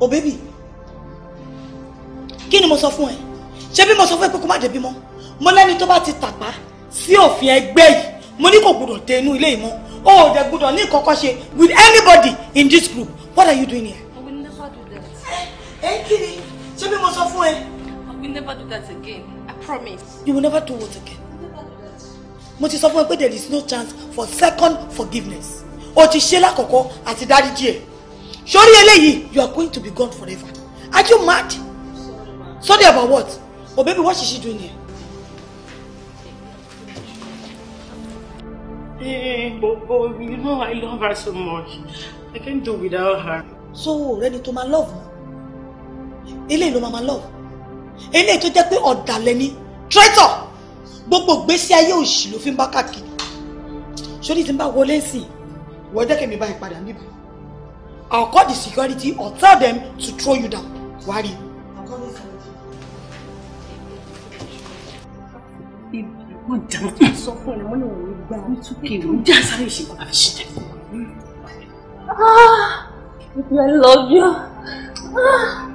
o oh, bébì kí ni mo sọ fún ẹ ṣé bí mo sọ fún ẹ pé kó má débi mọ́ mo lẹ́ni tó bá ti tàpá sí òfin ẹgbẹ́ yìí mo ní kò gbọdọ̀ tẹ inú ilé yìí mọ́ o ò dẹ̀ gbọdọ̀ ní kọ́kọ́ ṣe with anybody in this group what are you doing here. We will never do that. ẹ ẹ kí ni ṣé bí mo sọ fún ẹ. I will never do that again I promise. you will never do what again. mo ti sọ fún ẹ pé there is no chance for second forgiveness o ti ṣe lákọ̀ọ́kọ́ àti dáríjì ẹ̀ sórí eléyìí you are going to be gone forever are you mad sorry about what oh baby what is she doing here. Hey, eh, Bobo, you know I love her so much. I can't do without her. So, ready to my love? Eléyìí ló máa love. Eléyìí tó jẹ́ pé ọ̀dàlẹ̀ ni, traitor. Gbogbo ìgbésí ayé òṣì ló fi ń bá káàkiri. Ṣé ní ti ń bá wọlé sí i? Ìwọ jẹ́ kẹ́mi báyìí padà níbi. I'll call the security or tell them to throw you down. Worry. wọ́n jà wọ́n sọ fún I love you. Ah.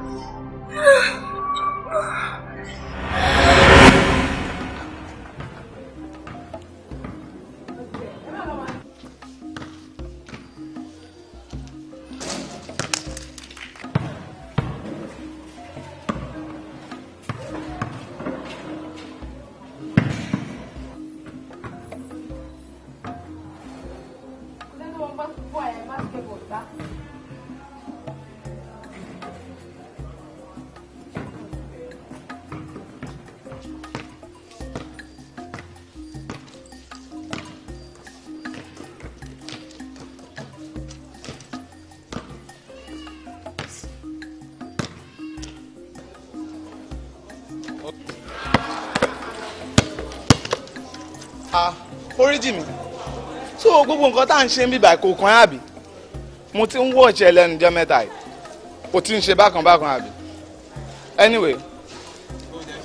so gbogbo nǹkan tá à ń ṣe ń bíbà kò kàn àbí mo ti ń wọ ọ̀ṣẹ́ lẹ́nu jẹ́ mẹ́ta yìí kò ti ń ṣe bákan bákan àbí anyway.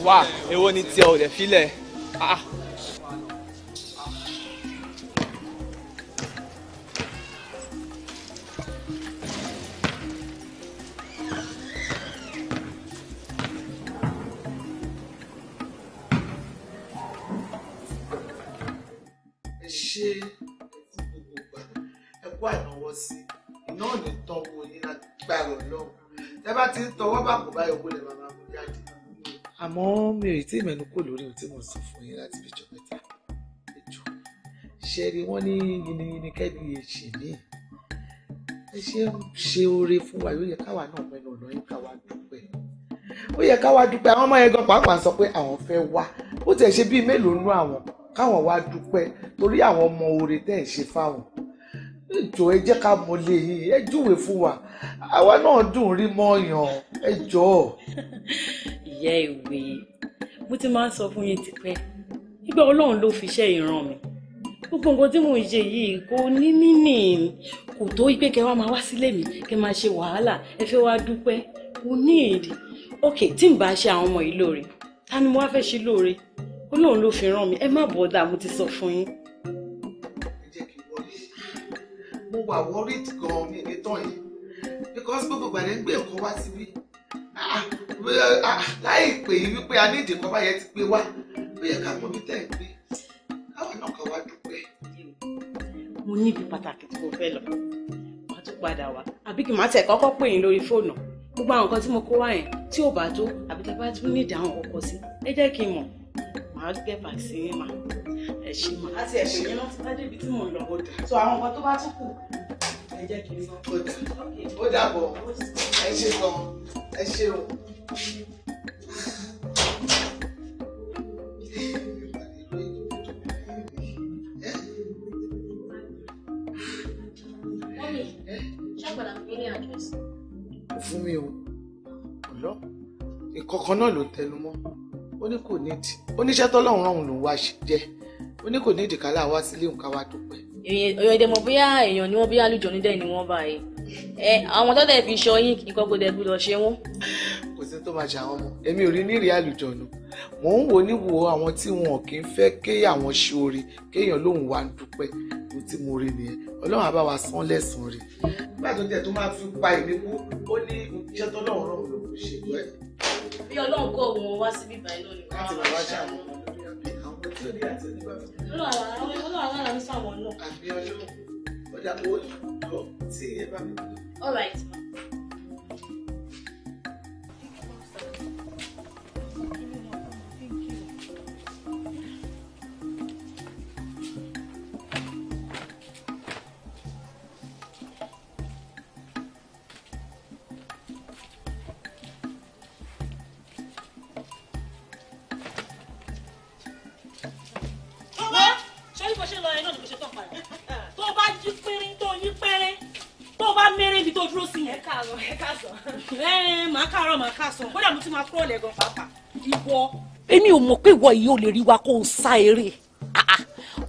wà èwo ni tiẹ̀ ò lè filẹ̀ ah. ah. ṣe kó àìnáwọ́ sí iná ò ní tọwọ́ yín lágbára ọlọ́run ẹ bá ti ń tọwọ́ bá kò báyọ̀ kó lè máa máa mú jáde. àmọ́ mi ò tí ì mẹ́nu kò lórí ohun tí mo sọ fún yín láti fi jọ mẹ́ta ẹjọ́ ṣe rí wọ́n ní yiniyini kẹ́ni èsì mi ẹ ṣe ń ṣe oore fún wa yóò yẹ káwa náà mẹ́nu ọ̀nà yín káwa dúpẹ́ ó yẹ káwa dúpẹ́ àwọn ọmọ yẹn gan pàápàá sọ pé àwọn fẹ́ wá ó tẹ̀ ṣe bíi mélòó nú àwọn káwọn wá dúpẹ́ torí àwọn ọmọ oore tẹ̀ ṣe fáwọn ẹjọ ẹ jẹ́ ká mọ̀ lè ẹ júwe fún wa àwa náà dùn rí mọyàn ẹ jọ. ìyá ìwé mo ti máa ń sọ fún yín tipẹ́ nígbà Ọlọ́run ló fi iṣẹ́ ìran mi gbogbo nǹkan tí mò ń ṣe yìí kò ní mínì kò tó pé kẹ máa wá sílé mi kẹ máa ṣe wàhálà ẹ fẹ́ wá dúpẹ́ kò ní èdè ok tí n bá ṣe àwọn ọmọ yìí lóore ta ni mo wá fẹ́ ṣe lóore Ọlọ́run ló fi ràn mí ẹ má bọ̀dà mo ti sọ fún yín. mo wà worried gan ní ìlétọ́ yìí because gbogbo ìgbàlẹ̀ ń gbé nǹkan wá síbí ah, ah, láìpẹ́ yìí wípé a ní ìdìkan báyẹn ti pé wá ó yẹ ká mọ bí tẹ̀ ń gbé káwọn náà kàn wá dúpẹ́. mo ní ibi pàtàkì tí mo fẹ́ lọ màá tún padà wá àbí kì máa tẹ̀ kọ́kọ́ pè yín lórí fóònù gbogbo àwọn nǹkan tí mo kó wá yẹn tí ò bá tó àbí tẹ bá tún ní ìdáhùn kọkọ sí ẹ jẹ́ kí n mọ̀ màá gbé vaccine máa ẹ mọ àti ẹ̀sìn yẹn láti tá débi tí mò ń lọ ó dà so àwọn nǹkan tó bá tún kù ẹ jẹ́ kí n mọ. ó dàbọ̀ ẹ ṣe gan ẹ ṣe o. fún mi o ọlọ náà ló tẹnu mọ́ ó ní kò ní tì oníṣẹ́ tọ́lọ́run rán òun lòún wá jẹ́ ó ní kò ní ìdìkálà wá sílé nǹkan wa dúpẹ́. èèyàn èdè mọ̀ bóyá èèyàn ni wọ́n bóyá àlùjọ nídẹ̀ ni wọ́n báyìí ẹ àwọn tọ́tẹ̀ fi ṣọ yín nǹkan kò dẹ̀ gbúdọ̀ ṣe wọ́n. kò sí tó máa ṣe àwọn ọmọ èmi ò rí nírìí àlùjọ nù mò ń wò níwò àwọn tí wọn kì í fẹ́ ké àwọn ṣe oore kéèyàn lóun wá ń dúpẹ́ mo ti mo rí nìyẹn ọlọ́run á wa san lẹ́sàn-án rẹ̀. nígbà tó jẹ́ tó máa fi pa èmi kú ó ní iṣẹ́ tó lọ́run rán òun ló ṣètò ẹ̀. bí ọlọ́run kọ́ òun wá síbí báyìí ni wọ́n á wá ṣàmùlò all right wá mẹ́rẹ́ ibi tó dúró sí yẹn. ẹ káàárọ̀ ẹ káàsán. ẹ màá káàárọ̀ màá káàsán kódà mo tún máa kúrò lẹ́gàn pàápàá. ìwọ. èmi ò mọ̀ pé ìwọ yìí ò lè rí wa kó o sá eré ah, ah.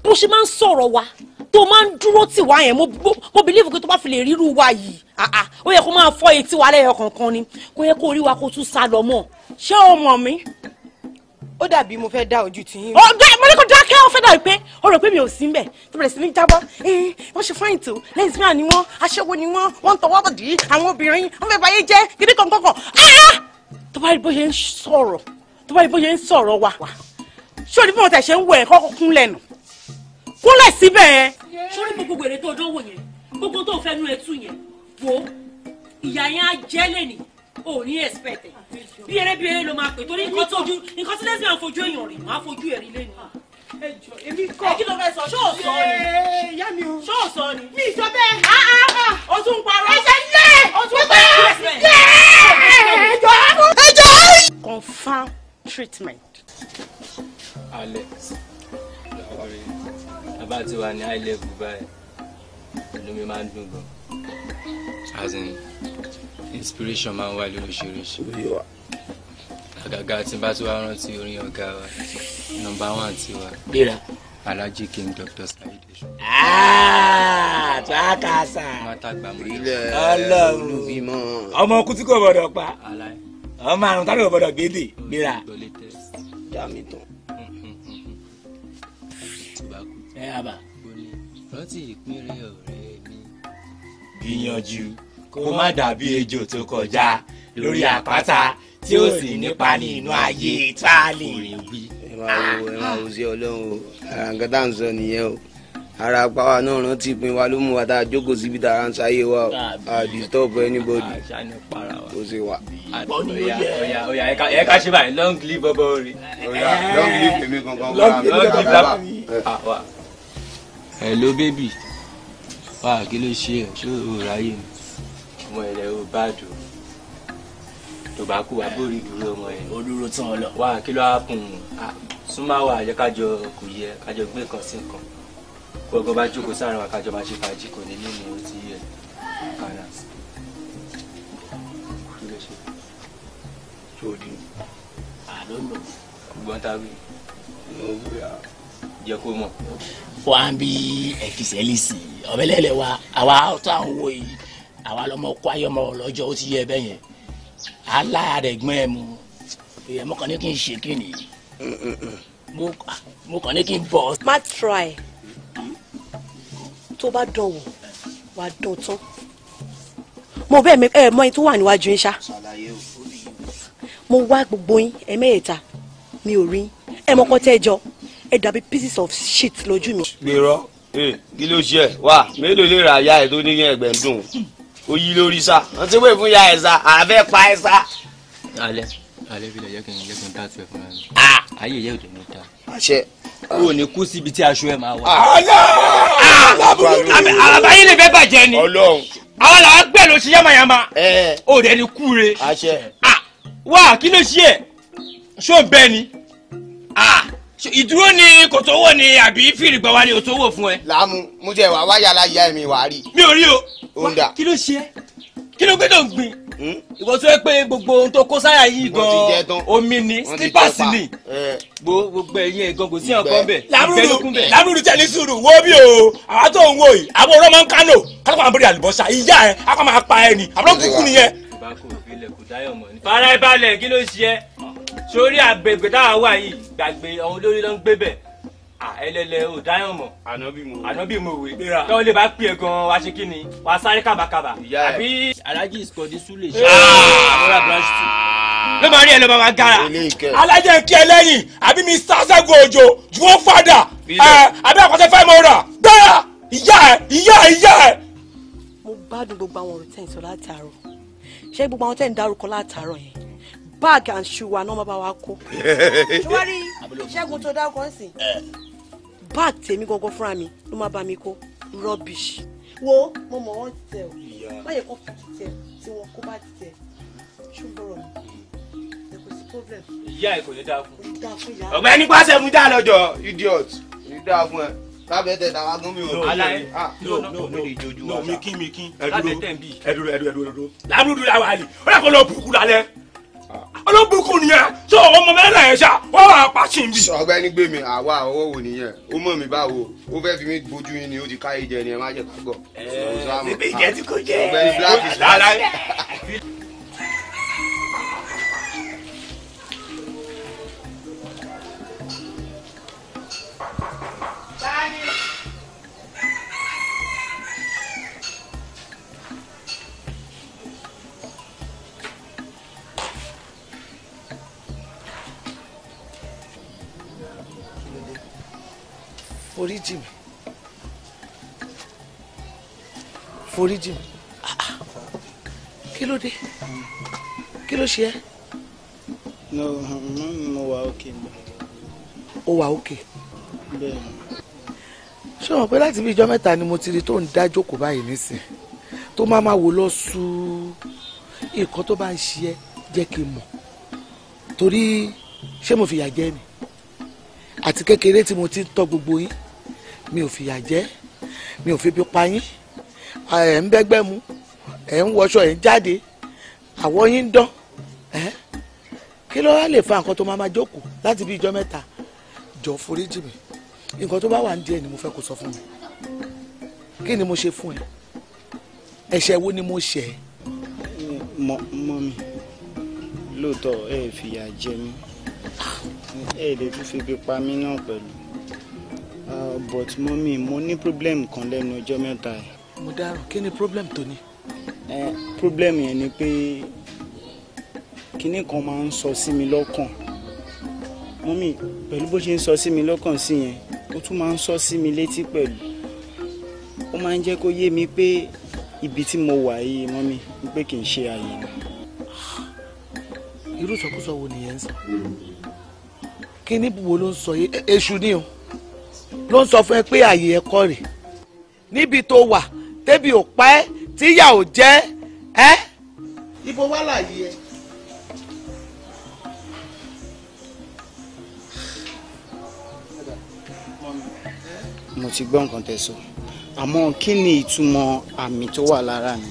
bó ṣe máa ń sọ̀rọ̀ wa tó máa ń dúró tì yẹn mo believe pé tó bá fi lè ríru wa yìí ah, ó yẹ kó máa fọ etí wa lẹ́yọ kankan ni kó yẹ kó rí wa kó tún sá lọ mọ́. ṣé o mọ̀ mi? ó dàbí mo fẹ́ dá ojú tì yín. ọ̀gá mo ní kò dá kẹ́ ọ fẹ́ dàbí pé ó rò pé mi ò sí mbẹ̀ tó bẹ̀rẹ̀ sí ní jábọ́ wọ́n ṣe fáìn tó lesbian ni wọ́n aṣẹ́wó ni wọ́n wọ́n ń tọwọ́ bọ̀dì àwọn obìnrin wọ́n fẹ́ báyé jẹ́ gidi kọ̀ọ̀kọ̀ọ̀ tó bá rí bó ṣe ń sọ̀rọ̀ tó bá rí bó ṣe ń sọ̀rọ̀ wa sórí bí wọn tẹ̀ ṣe ń wọ ẹ̀ kọ́kọ́ kúnlẹ̀ nù kúnlẹ̀ síbẹ̀ yẹn. sórí gbogbo èrè tó dánwò yẹn gbogbo tó fẹ́ nu ẹtú yẹn wò ìyá yẹn á jẹ́ lẹ́nìí o ní expect bí eré bí eré ló máa pè torí nǹkan tí lesbian fojú èèyàn rè má fojú ẹ̀rí lẹ́nu ẹjọ èmi kọ ẹ kí ló fẹ́ sọ ṣó sọ ni ìyá mi o ṣó sọ ni mi sọ bẹ́ẹ̀ ah, ah, ah. o tún parọ́ ẹsẹ lẹ o tún parọ́ lẹ ẹjọ ẹjọ. confam treatment. alex lọ́wọ́rẹ́ bàbá tí wà ní high level báyìí ìlú mi máa ń dùn gan. as in inspiration máa ń wá lóríṣiríṣi àgàgà tí n bá tún wá rántí orin ọ̀gá wa nọmba one tiwa. gbéra. alhaji king dr saheed. Ah, tó a kà sá. ilẹ̀ olùbímọ. ọmọ kú kò gbọdọ̀ pa ọmọ àrùn tá ló gbọdọ̀ gbédè gbéra. dàmí tán. ẹ àbá. rántí ìpínlẹ̀ ọ̀rẹ́ mi. gbìyànjú kó má dàbí ejò tó kọjá lórí àpáta tí ó sì nípa ní inú ayé táàlì. orin wí ẹ wo ẹ wo sí ọlọ́run o ara nǹkan tá à sọ nìyẹn o ara pàwa náà rántí pin wa ló mú wa tá a jókòó síbi tá a ń sáyé wa o a disturb anybody kò sí wa. oya ṣe báyìí long live bọ́bọ́ rí. long live èmi kankan kọ́ra mi bàbá. hello baby wa kí ló ṣe ẹ ṣé o ráyè mi ọmọ ẹ̀rẹ̀ o bá dùn tó bá kú abórí dúró ọmọ ẹ. ó dúró tán lọ. wá kí ló á kùn súnmáwá yẹ yẹ kájọ gbé kan sí nǹkan kó bá jókòó sára wa kájọ ṣe fàájì kò ní nínú ti yẹ kàrà. sódì àlọ́ lọ. gbọ́n tá a wí. jẹ́ kó mọ̀. fún wa bí ẹ̀kísẹ́lìsì ọ̀bẹ̀lẹ̀lẹ̀ wa àwa tó àwọn wo yìí àwa lọ́mọ kó ayọ́mọ lọ́jọ́ ó ti yẹ bẹ́yẹn aláya rẹ̀ gbọ́n ẹ mu èèyàn mo kàn ní kí n ṣe kí ni mo kàn ní kí n bọ̀. má try tó bá dán wò wà á dán tán mo bẹ́ẹ̀ ẹ mọ ẹni tó wà níwájú yín ṣá mo wá gbogbo yín ẹ mẹ́ẹ̀ta mi ò rí ẹ mọ́kọ́ tẹ́ jọ ẹ dàbí pieces of shit lójú mi. gbèrò eh, kí ló ṣe wà mélòó lè ra aya ẹ tó ní yẹn ẹgbẹ́ ń dùn oyi lórí sa wọn ti wé fún ya ẹ sa àbẹ pa ẹ sa. alẹ alẹ bí lè yẹ kí n yẹ kí n ta tiẹ fún mi. ayé yẹ òde ní ta. àṣẹ. o ò ní kú síbi tí aṣọ ẹ máa wà. alẹ́ àbáyé lè fẹ́ bàjẹ́ ni àwọn làwọn gbẹ ló ṣe yamayama o dẹ ni kú re wa kí ló ṣe ẹ ṣó bẹ́ẹ̀ ni ìdúró ni kò tó wò ni àbí fìrìgbà wa ni ò tó wò fún ẹ. làámu mo jẹ wàá wáyà láyà mi wàá rí. mi ò rí o. ó ń dà. kí ló ṣe é kí ló gbé tó ń gbin. Hmm? ìwọ tó yẹ pé gbogbo ohun tó kó sáyà yìí gan omi ni slippers ni gbogbo ẹyin ẹgan kò sí ọkàn bẹ ìgbẹ́lókun bẹ. lámúrú tẹ ní sùúrù wo bí o àwa tó ń wo yìí àwọn ọ̀rọ̀ máa ń kánò kálukọ̀ àbúrò àlùbọ́sà ìyá ẹ akọ máa pa ẹ ni àbúrò kúkú nìyẹn. ìbákò ìbílẹ̀ kò dáyọ̀ mọ́ ni. farabalẹ̀ kí ló ṣe é sórí àgbègbè táwa wà yìí gbàgbé àwọn olórí ló ń gbé bẹ̀ ẹlẹlẹ ò dáyàn mọ ànábì mo wé tọ́wọ́ lè bá pè é gan-an wá ṣe kí ni wá sáré kábàkábà àbí alhaji iskodi sule ṣe àbúrò branch two ló máa rí ẹ lọ́ba wa gara alájẹ kí ẹ lẹ́yìn àbí mi sàṣẹ́gun òjò juwọ́ fàdà àbí àkọsẹ́ fẹ́ mọ́ rà gbára ìyá ẹ ìyá ẹ ìyá ẹ. mo gbádùn gbogbo àwọn ọ̀rọ̀ tẹ̀ ń sọ látàárọ̀ ṣé gbogbo àwọn tẹ̀ ń dárúkọ látàárọ̀ yẹn bag and shoe wa ní ọmọ bá wa kó. ṣùwárí ṣẹ́gun tó dákọ̀ ń sìn bag eh. tèmi gangan fúnra mi ló má bá mi kó rubbish wo mo mọ̀ wọ́n ti tẹ̀ o má yẹ kó fi ti tẹ̀ tí wọ́n kó bá ti tẹ̀ ṣùgbọ́n mi hmm. kò sí problem. ìyá ẹ kò ní dáa fún. ọ̀gbẹ́ni pàṣẹ mú dáa lọ́jọ́ idiot kò ní dáa fún ẹ lábẹ́ tẹ̀ dáwà gún mi o. alaye ah. no no no no mikin mikin. ẹ dúró ẹ dúró ẹ dúró ẹ dúró. làbúrò dúró àwọn àlè ó yà kó lọ burúkú lálẹ́ olóbùkún nìyẹn sọ ọmọ mẹ́rin ẹ̀ ṣá wọ́n wà pàṣẹ mi. sọ ọ̀gbẹ́ni gbé mi àwa àwọ wò nìyẹn ó mọ̀ mi báwo ó fẹ́ fi mi bójú yín ni ó ti káyé jẹ ni ẹ má jẹ ká ẹ ẹ ṣe ìjẹ́ ti kò jẹ́ ọ̀gbẹ́ni black is black. forí jì mí forí jì mí ah, ah. kí ló dé kí ló ṣe ẹ́. no mm, mo wà òkè o ó wà òkè. bẹ́ẹ̀ni. ṣé wọn pé láti bí ijọ́ mẹ́ta ni mo ti rí tó ń dá jókòó báyìí nísìn tó máa máa wò lọ sùúrù nǹkan tó bá ń ṣe ẹ́ jẹ́ kí n mọ̀ torí ṣé mo fìyà jẹ ni àti kékeré tí mo ti ń tọ́ gbogbo yín mi ò fìyà jẹ mi ò fi bí pa yín ẹ̀ ń bẹ́gbẹ́ mu ẹ̀ ń wọṣọ ẹ̀ ń jáde àwọ̀ yín ń dán kí ló wá lè fa nǹkan tó máa máa jókòó láti bí ijọ́ mẹ́ta jọ foríjì mi nǹkan tó bá wà ń díẹ̀ ni mo fẹ́ kó sọ fún mi kí ni mo ṣe fún ẹ ẹ̀ṣẹ̀ wo ni mo ṣẹ̀ mọ mọ mi lóòótọ́ ẹ fìyà jẹ mí ẹ lè tún fi bí pa mí náà pẹ̀lú but mọ́mí mo ní problem kan lẹ́nu ọjọ́ mẹ́ta yìí. mo dárò kí ni problem tó ní. ẹ problem yẹn ni pé kinní kan máa ń sọ sí mi lọ́kàn mọ́mí pẹ̀lú bó ṣe ń sọ sí mi lọ́kàn sí yẹn ó tún máa ń sọ sí mi létí pẹ̀lú ó máa ń jẹ́ kó yé mi pé ibi tí mo wà yìí mọ́mí pé kì í ṣe àyè irú ìsọkúsọ wo nìyẹn ń sọ kí ni wo ló ń sọ yìí èṣù ni o ló ń sọ fún ẹ pé àyè ẹ̀kọ́ rẹ̀ níbi tó wà tẹ́bi ò pa ẹ́ tíyà ò jẹ́ ẹ́ ibo wà láàyè ẹ. mo ti gbọ́ nǹkan tẹ̀ sọ àmọ́ kí ni ìtumọ̀ àmì tó wà lára mi.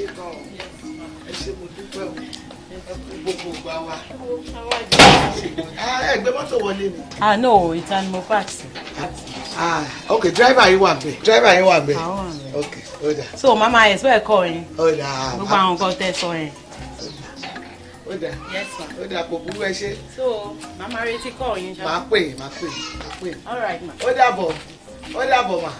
ṣe gan ẹ ṣe mo dúpẹ́ o gbogbo ìgbà wa ẹgbẹ́ mọ́tò wọlé mi. ah no ìta ni mo park ah ok driver yín wà bẹ́ẹ̀ driver yín wà bẹ́ẹ̀ ok ó so mama ẹ̀ sọ ẹ̀ kọ́ yín gbogbo àwọn nǹkan tẹ́ sọ yẹn. ó dà ó dà ẹ ṣe. so mama retí kọ́ yín. màá pè màá pè màá all right ma. ó dà bọ̀ ó dà bọ̀ ma.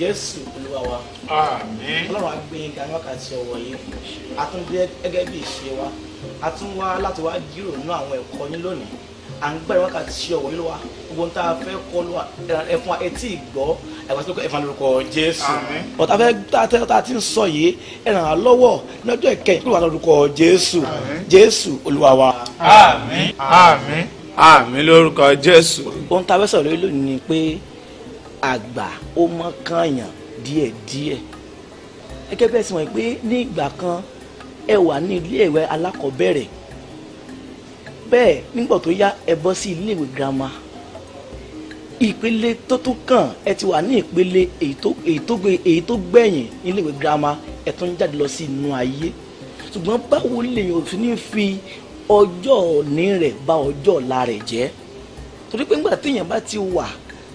jésù olúwa wa ọlọ́run agbẹ́yìnga wákàtí ọ̀wọ̀ yìí a tún dé gẹ́gẹ́ bí ìṣe wa a tún wá láti wá jíròrò nínú àwọn ẹ̀kọ́ yín lónìí à ń gbẹ̀rẹ̀ wákàtí ọ̀wọ̀ yìí lọ́wọ́ gbogbo tá a fẹ́ kọ́ lọ́wọ́ ẹ̀fún wa etí ìgbọ́ ẹ̀fún àti ẹ̀fún lórúkọ jésù ọ̀tá fẹ́ tá a ti ń sọ yìí ẹ̀ ràn án lọ́wọ́ lọ́jọ́ ìkẹyìn kúrò wà lórúkọ jésù jésù olúwa wa. àmín àmín àmín lórúkọ jésù. ohun tá a fẹ́ sọ̀rọ̀ lónìí ni pé àgbà ó mọ́ kànyàn díẹ̀díẹ̀ gẹ́gẹ́ bẹ́ẹ̀ sì wọ́n pé ní ìgbà kan ẹ wà ní iléèwé alákọ̀ọ́bẹ̀rẹ̀ bẹ́ẹ̀ nígbà tó yá ẹ bọ́ sí iléèwé girama ìpele tó tún kàn ẹ ti wà ní ìpele èyí tó gbẹ̀yìn níléèwé girama ẹ tún jáde lọ sí inú ayé ṣùgbọ́n báwo lèyìn òfin ní fi ọjọ́ òní rẹ̀ bà ọjọ́ ọ̀la rẹ̀ jẹ́ torí pé nígbà téèyàn bá ti wà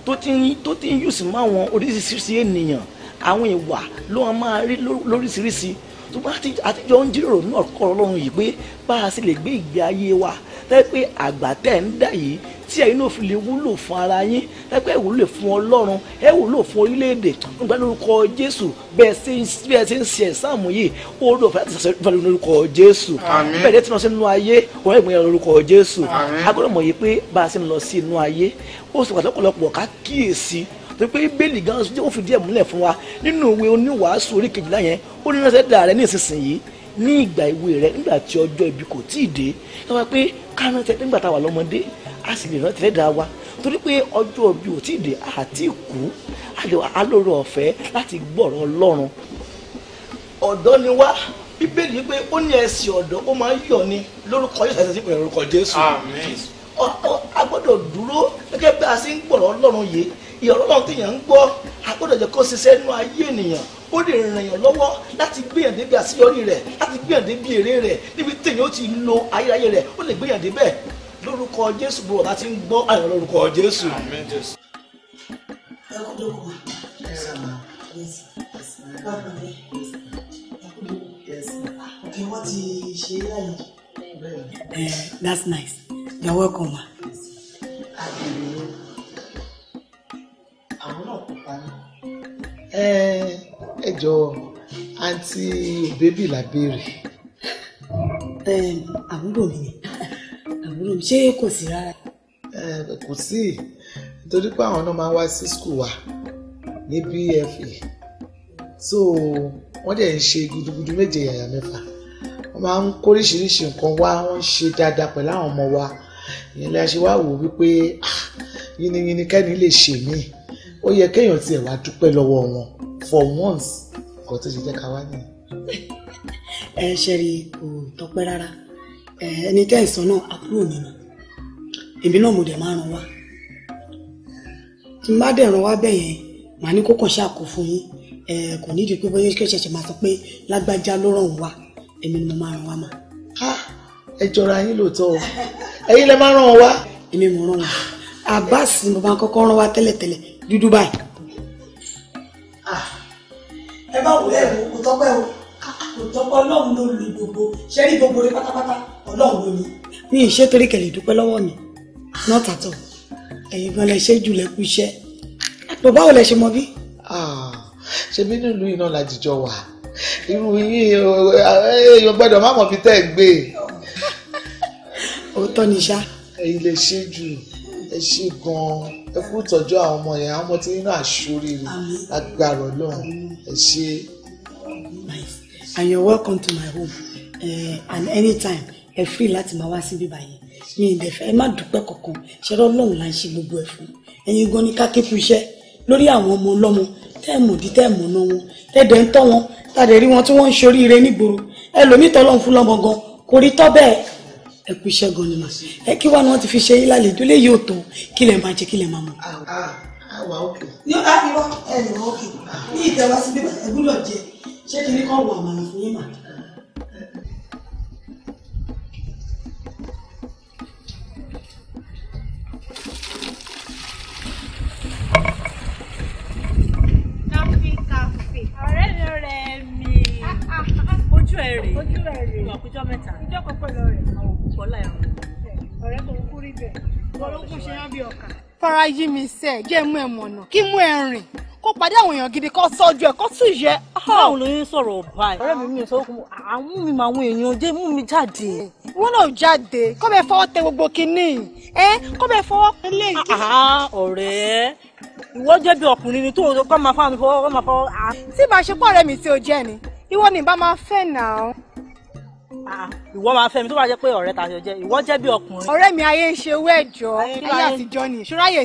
tó ti ń tó ti ń yùsì mọ́ àwọn oríṣiríṣi ènìyàn àwọn ìwà ló wọn máa rí lóríṣiríṣi tó bá àtijọ́ ń jíròrò náà kọ́ ọlọ́run yìí pé bá a sì lè gbé ìgbé ayé wa tẹ́ pé àgbà tẹ̀ ń dà yìí tí ẹ̀yin náà fi lè wúlò fún ara yín ẹgbẹ́ ẹ wúlò fún ọlọ́run ẹ wúlò fún orílẹ̀-èdè nígbà lórúkọ jésù bẹ́ẹ̀ ṣe ń bẹ́ẹ̀ ṣe ń ṣe ẹ̀sàmù yìí orí ọ̀fẹ́ láti ṣàṣẹ ìfẹ́ lórúkọ jésù bẹ́ẹ̀ dẹ́ ti lọ sí inú ayé ọ̀rẹ́ ìgbìyànjú lórúkọ jésù agbọ́dọ̀ mọ̀ yìí pé bá a ṣe ń lọ sí inú ayé ó sì pàtàkì ọ̀pọ̀lọpọ̀ ká kíyèsí torí pé bẹ́ẹ̀lì gan jẹ́ ó fi díẹ̀ múlẹ̀ fún wa nínú òwe oníwàásù orí kejìlá yẹn ó ní ránṣẹ́ dà rẹ ní ìsinsìnyí ní ìgbà ìwé rẹ nígbà tí ọjọ́ ibi kò tíì dé ká wá pé ká ránṣẹ́ nígbà táwa lọ́mọdé a sì lè rántí lẹ́dàá wa torí pé ọjọ́ bíi ò tí ì àti kú alóore ọ̀fẹ́ láti gbọ́rọ̀ ọlọ́run ọ̀dọ́ ni wá bíbélì pé ó ní ẹ̀sìn ọ̀dọ́ ó máa ń yọ̀ ni lórúkọ yóò ṣàṣẹṣẹ pẹ̀lú orúkọ jésù a gbọ́dọ̀ dúró gẹ́gẹ́ bí a ṣe ń gbọ́rọ̀ ọlọ́run yìí ìyọ̀rọ̀ ọlọ́run téèyàn ń gbọ́ a gbọ́dọ̀ jẹ́ kó ṣiṣẹ́ nú ayé ènìyàn ó lè ràn yàn lọ́wọ́ láti gbìyàn débi àṣeyọrí rẹ̀ láti gbìyàn débi èrè rẹ̀ níbi téèyàn ó ti lo ayérayé rẹ̀ ó lè gbìyàn débẹ̀ lórúkọ jésù bò láti ń gbọ́ àyàn lórúkọ jésù. that's nice you're welcome ma. àgbèrè àwọn náà kò pa ní. ẹ jọ àǹtí bébì làbẹ̀rẹ̀. àbúrò mi ṣé kò sí rárá. Eh, kò sí nítorí pé àwọn náà máa ń wá sí skul wa ní BFA e. so wọ́n dẹ̀ ń ṣe gudugudu méje yàyà mẹ́fà wọ́n máa ń kóríṣiríṣi nǹkan wá wọ́n ń ṣe dáadáa pẹ̀lú àwọn ọmọ wa ìyẹn la ṣe wá wò wípé ah, yínníyínní kẹ́ni lè ṣe mí ó yẹ kéèyàn tiẹ̀ wá dúpẹ́ lọ́wọ́ wọn for once nǹkan tó ṣe jẹ́ ká wá nìyẹn. ẹ eh, ṣe rí kò tọ́pẹ́ rárá Eh, ẹni tẹ́ ń sọ náà àbúrò mi ni èmi náà mo dẹ̀ máa ràn wá tí n bá dẹ̀ ràn wá bẹ́ẹ̀ yẹn màá ní kó kàn ṣàkó fún yín eh, kò ní ìdíkú bóyá kí ṣẹ̀ṣẹ̀ máa sọ pé lágbájá ló ràn wá èmi ni mo máa ràn wá mà. ẹ jọra yín lóòótọ́ o ẹ̀yin lẹ máa ràn wá. èmi mo ràn wá Abbas ni mo máa kọ́kọ́ ràn wá tẹ́lẹ̀tẹ́lẹ̀ dúdú báyìí. ẹ bá wò ẹ kò tọ́pẹ́ o kò tọ́pẹ́ ọlọ́run ló lu gbogbo ṣẹ́rí gbogbo rẹ pátápátá ọlọ́run ló ní. mi ì ṣe torí kẹlẹ dúpẹ́ lọ́wọ́ mi náà tàtọ ẹ̀yin gan lẹ ṣe jù lẹ kú iṣẹ́ bò báwo lẹ ṣe mọ bí. Ah, ṣèbí nílùú iná la jìjọ wà irú yín èèyàn gbọ́dọ̀ má mọ fi tẹ ẹ gbé. òótọ́ ni ṣá. ẹ̀yin lè ṣe jù ẹ ṣe gan-an ẹ kú tọ́jú àwọn ọmọ yẹn àwọn ọmọ tí nínú àṣoríire agbára Ọlọ́run ẹ ṣe. and you're welcome to my home uh, and anytime ẹ free láti máa wá síbí báyìí mi ìdẹ̀ fẹ́ ẹ má dúpẹ́ kankan ṣẹ́rọ́ ọlọ́run là ń ṣe gbogbo ẹ̀ fún ẹ̀yin gan ni kákékù iṣẹ́ lórí àwọn ọmọ ọlọ́mọ tẹ́ẹ̀mù òdì tẹ́ẹ̀mù ọ̀nà wọn tẹ́ẹ̀dẹ̀ ń tọ́ wọn tàdé rí wọn tí wọ́n ń ṣoríire nígboro ẹlòmíì tọ́lọ́run fún lọ́mọ gan kò rí tọ́ bẹ́ẹ̀ ẹ kú iṣẹ́ gan ni mà ẹ kí wá ni wọ́n ti fi ṣe yín lálejò lè yóò tó kí lẹ̀ máa jẹ kí lẹ̀ máa mọ̀. àwa òkè. ní ọ̀la ah, irọ́ ẹ̀rọ òkè ní ìtẹ̀wá síbí ṣé kí ní kọ́ fún yín mà. fara yí mi sẹ́ jẹ́ mú ẹ mọ̀nà kí mú ẹ rìn kó pàdé àwọn èèyàn gidi kan sọ́jú ẹ̀ kó tún yẹ. báwo ló ń sọ̀rọ̀ báyìí. ọ̀rẹ́ mi mi sọ fún mi àmú mi mà àwọn èèyàn jẹ́ mú mi jáde. wọn náà jáde kó bẹ fọwọ́ tẹ gbogbo kinní ẹ kó bẹ fọwọ́ pé léyìí. ọ̀rẹ́ ìwọ jẹ́ bí ọkùnrin ni tó kọ́ máa fọwọ́ kọ́ máa fọwọ́. tí ìbáṣepọ̀ rẹ mi tí o jẹ́ ni ìwọ ni ìbá máa fẹ́ nà án ìwọ máa fẹ́ mi tó bá jẹ́ pé ọ̀rẹ́ tàjọ jẹ́ ìwọ jẹ́ bí ọkùnrin. ọ̀rẹ́ mi ayé ń ṣe owó ẹ̀jọ́ ayé àtijọ́ ni ìṣúra yè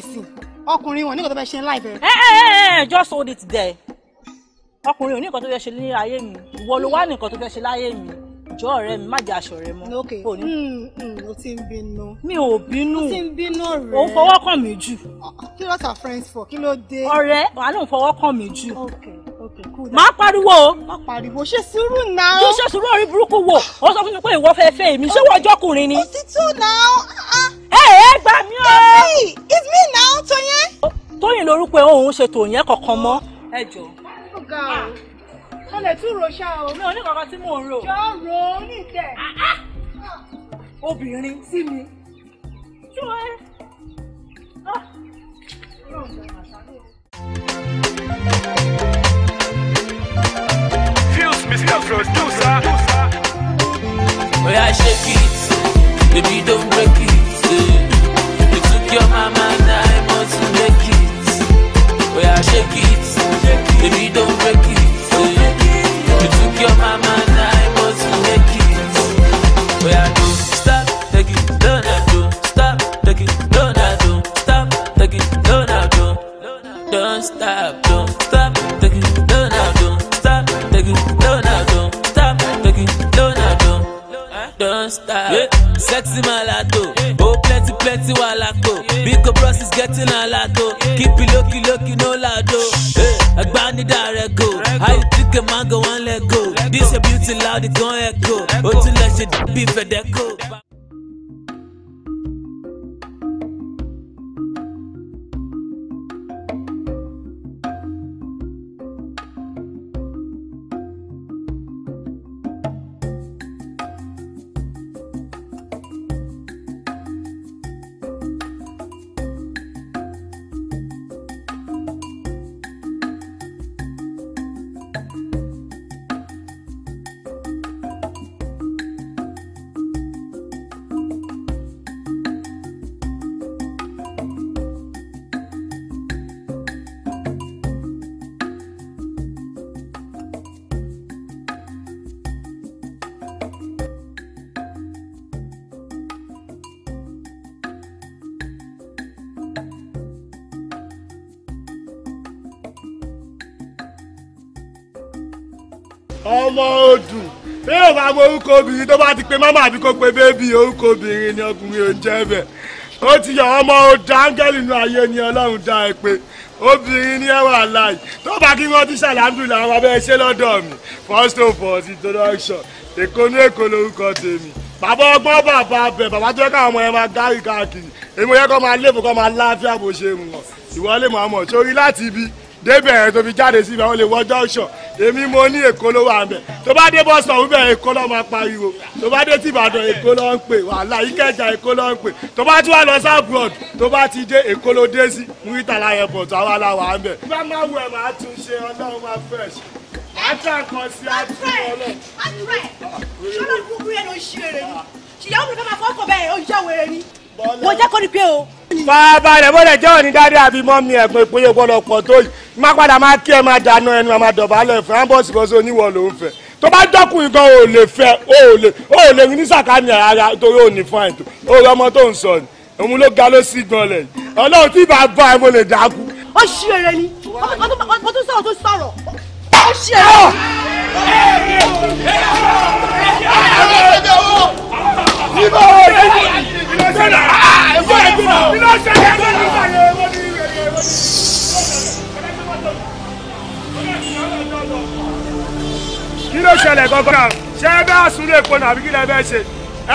ọkùnrin wọn ní kò tó fẹ́ ṣe láì bẹ̀rẹ̀. ẹ ẹ eh, ẹ eh, eh, just hold it there ọkùnrin ò ní nǹkan tó fẹ́ ṣe ní ayé mi ìwọ ló wá ní nǹkan tó fẹ́ ṣe láyé mi jọ ọ̀rẹ́ mi má jẹ́ aṣọ rẹ mọ́. ok hmm, hmm, o ti ń bínú. mi ò bínú o ti ń bínú rẹ. òun fọwọ́ kàn mí jù. kí ló friends for kí ló dé. ọ̀rẹ́ àná òun fọwọ́ kàn mí jù. ok máa pariwo o. má pariwo ṣe sùúrù náà. yóò ṣe sùúrù orí burúkú wo ó sọ fún mi pé ìwọ fẹ́ fẹ́ mi ṣé wọ́n jọkùnrin ni. òtítù náà. Ah, ah. ẹ ẹ gbà mí o. it's me now Tóyìn. Tóyìn lorúkọ ẹ òun ṣètò yẹn kankan mọ́. ẹ jọ. ó ga o mo lè tún ro ṣá o. mi ò ní kankan tí mò ń rò. jọ ro oníkẹ. Ah, obìnrin sí mi. jọ ẹ. Thank you. Fuse Mr. Producer. Well, I shake it, baby, don't break it. You took your mama, now I must make it. Well, I shake it, baby, don't break it. You took your mama, now. too loud, it gon' echo. Oh, too loud, shit be Fedeco. pe mama àbí kó pe bébì orúkọ obìnrin ni ọkùnrin ò jẹ́ bẹ̀ ó ti yọ ọmọ ọdọ áńgẹ́lì inú ayé ni ọlọ́run dá ẹ pé obìnrin ni ẹ wà láì tó bá kí wọ́n ti ṣàlàndùlà àwọn abẹ́ ṣe lọ́dọ̀ mi first of all introduction èkó ní èkó lórúkọ tèmi bàbá ọgbọ́n bàbá abẹ bàbá tó yẹ káwọn ọmọ yẹn máa gárí káàkiri èmi yẹ kó máa léèbù kó máa láàfíà bó ṣe mu wọn ìwọlé màmá sórí láti ibi débẹ̀ ẹ̀ tó fi jáde sí ibà ó lè wọ junction èmi mo ní èkó ló wà mẹ́ tó bá dé bọ́sàn òwúbẹ̀ èkó ló máa pariwo tó bá dé tìbàdàn èkó ló ń pè wàhálà ìkẹjà èkó ló ń pè tó bá tún wà lọ sábúrọ̀d tó bá ti dé èkó ló dé sí muritala airport àwa la wà mẹ́. bá má wù ẹ̀ máa tún ṣe ọlọ́run máa fresh máa tà nǹkan sí àtúntò ọlọ́run bàbá rẹ̀ bọ́lẹ̀ jẹ́ òní dáadé àbí mọ́ mi ẹ̀gbọ́n ìpínlẹ̀ ọ̀pọ̀lọpọ̀ tó yìí má padà má kí ẹ má dáná ẹnu àmà dọ̀bálẹ̀ fún ambọ̀sì kan sí oníwọ̀ ló ń fẹ́ tó bá dọ́kùnrin gan ò lè fẹ́ ò lè ò lè ní sàkáàmì ara torí ò ní fáìn tó ó rí ọmọ tó ń sọ ni òun ló ga ló sì gan lẹ̀ ọlọ́run tí bá bá ẹ mo lè dákú. ó ṣí eré ni ó tún sọ̀rọ̀ tó sọ̀rọ̀ ó ṣí eré kí ló ṣẹlẹ̀ gangan ṣé bá a sún lè pọnà àbí kí lè fẹ́ ṣe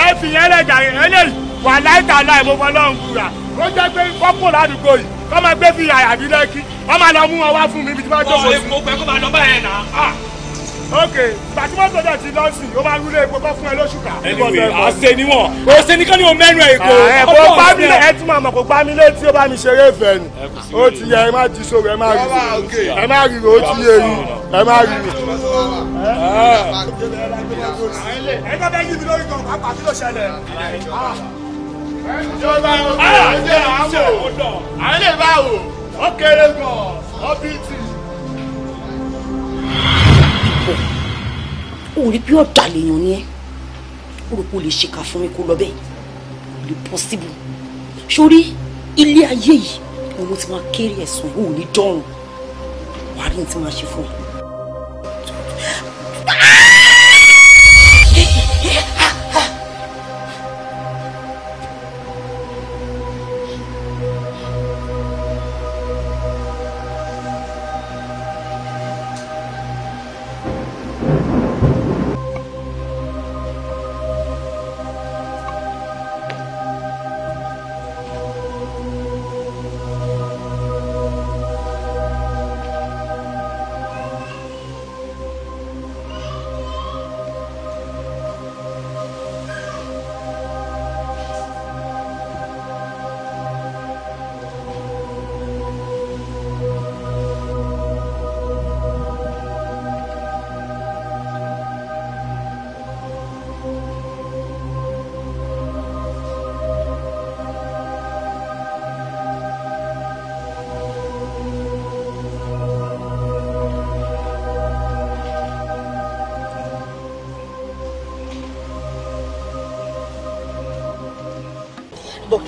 ẹ fi yẹn lẹ̀ jàre ẹ lè wà láìta láì mo fọ́ lọ́hùn kúra ó jẹ́ pé kọ́pọ̀ ládùúgbò yìí kọ́ máa gbé fi àyàbí lẹ́kí wọ́n máa lọ mú wọn wá fún mi ibi tí wọ́n jókòó sí. ọ̀rẹ́ mo pẹ́ kó máa lọ báyẹn náà. Ah! ok gbàtímọ́tò dẹ̀ ti lọ́sì ó máa rúlé epo kọ́ fún ẹ lóṣù ká. anyway àṣẹ níwọ̀n òṣè nìkan ni mo mẹ́nu ẹ̀ kó. ẹ kó gbá mi lẹ ẹ tún màmá kó gbá mi létí ó bá mi ṣeré ìfẹ́ ni ó ti yẹ ẹ má di sóru ẹ má rí ẹ má rí ó ti yẹ yín ẹ má rí. ẹ gbọ́dọ̀ bẹ́ẹ̀ yí mi lórí kan pàápàá kí ló ṣẹlẹ̀ ah. ìjọba ọ̀gbìn ṣe àwọ̀ àlè báwo ó kéré gan-an ọ́bìtì bọ̀ o rí bí ọ̀dàlẹ̀ èèyàn ni ẹ́ o rò pé o lè ṣèkà fún mi kó lọ bẹ́ẹ̀ o lè possible sórí ilé ayé yìí ni mo ti máa kéré ẹ̀sùn ò ní dọ̀rùn wàá rí ní ti máa ṣe fún ọ.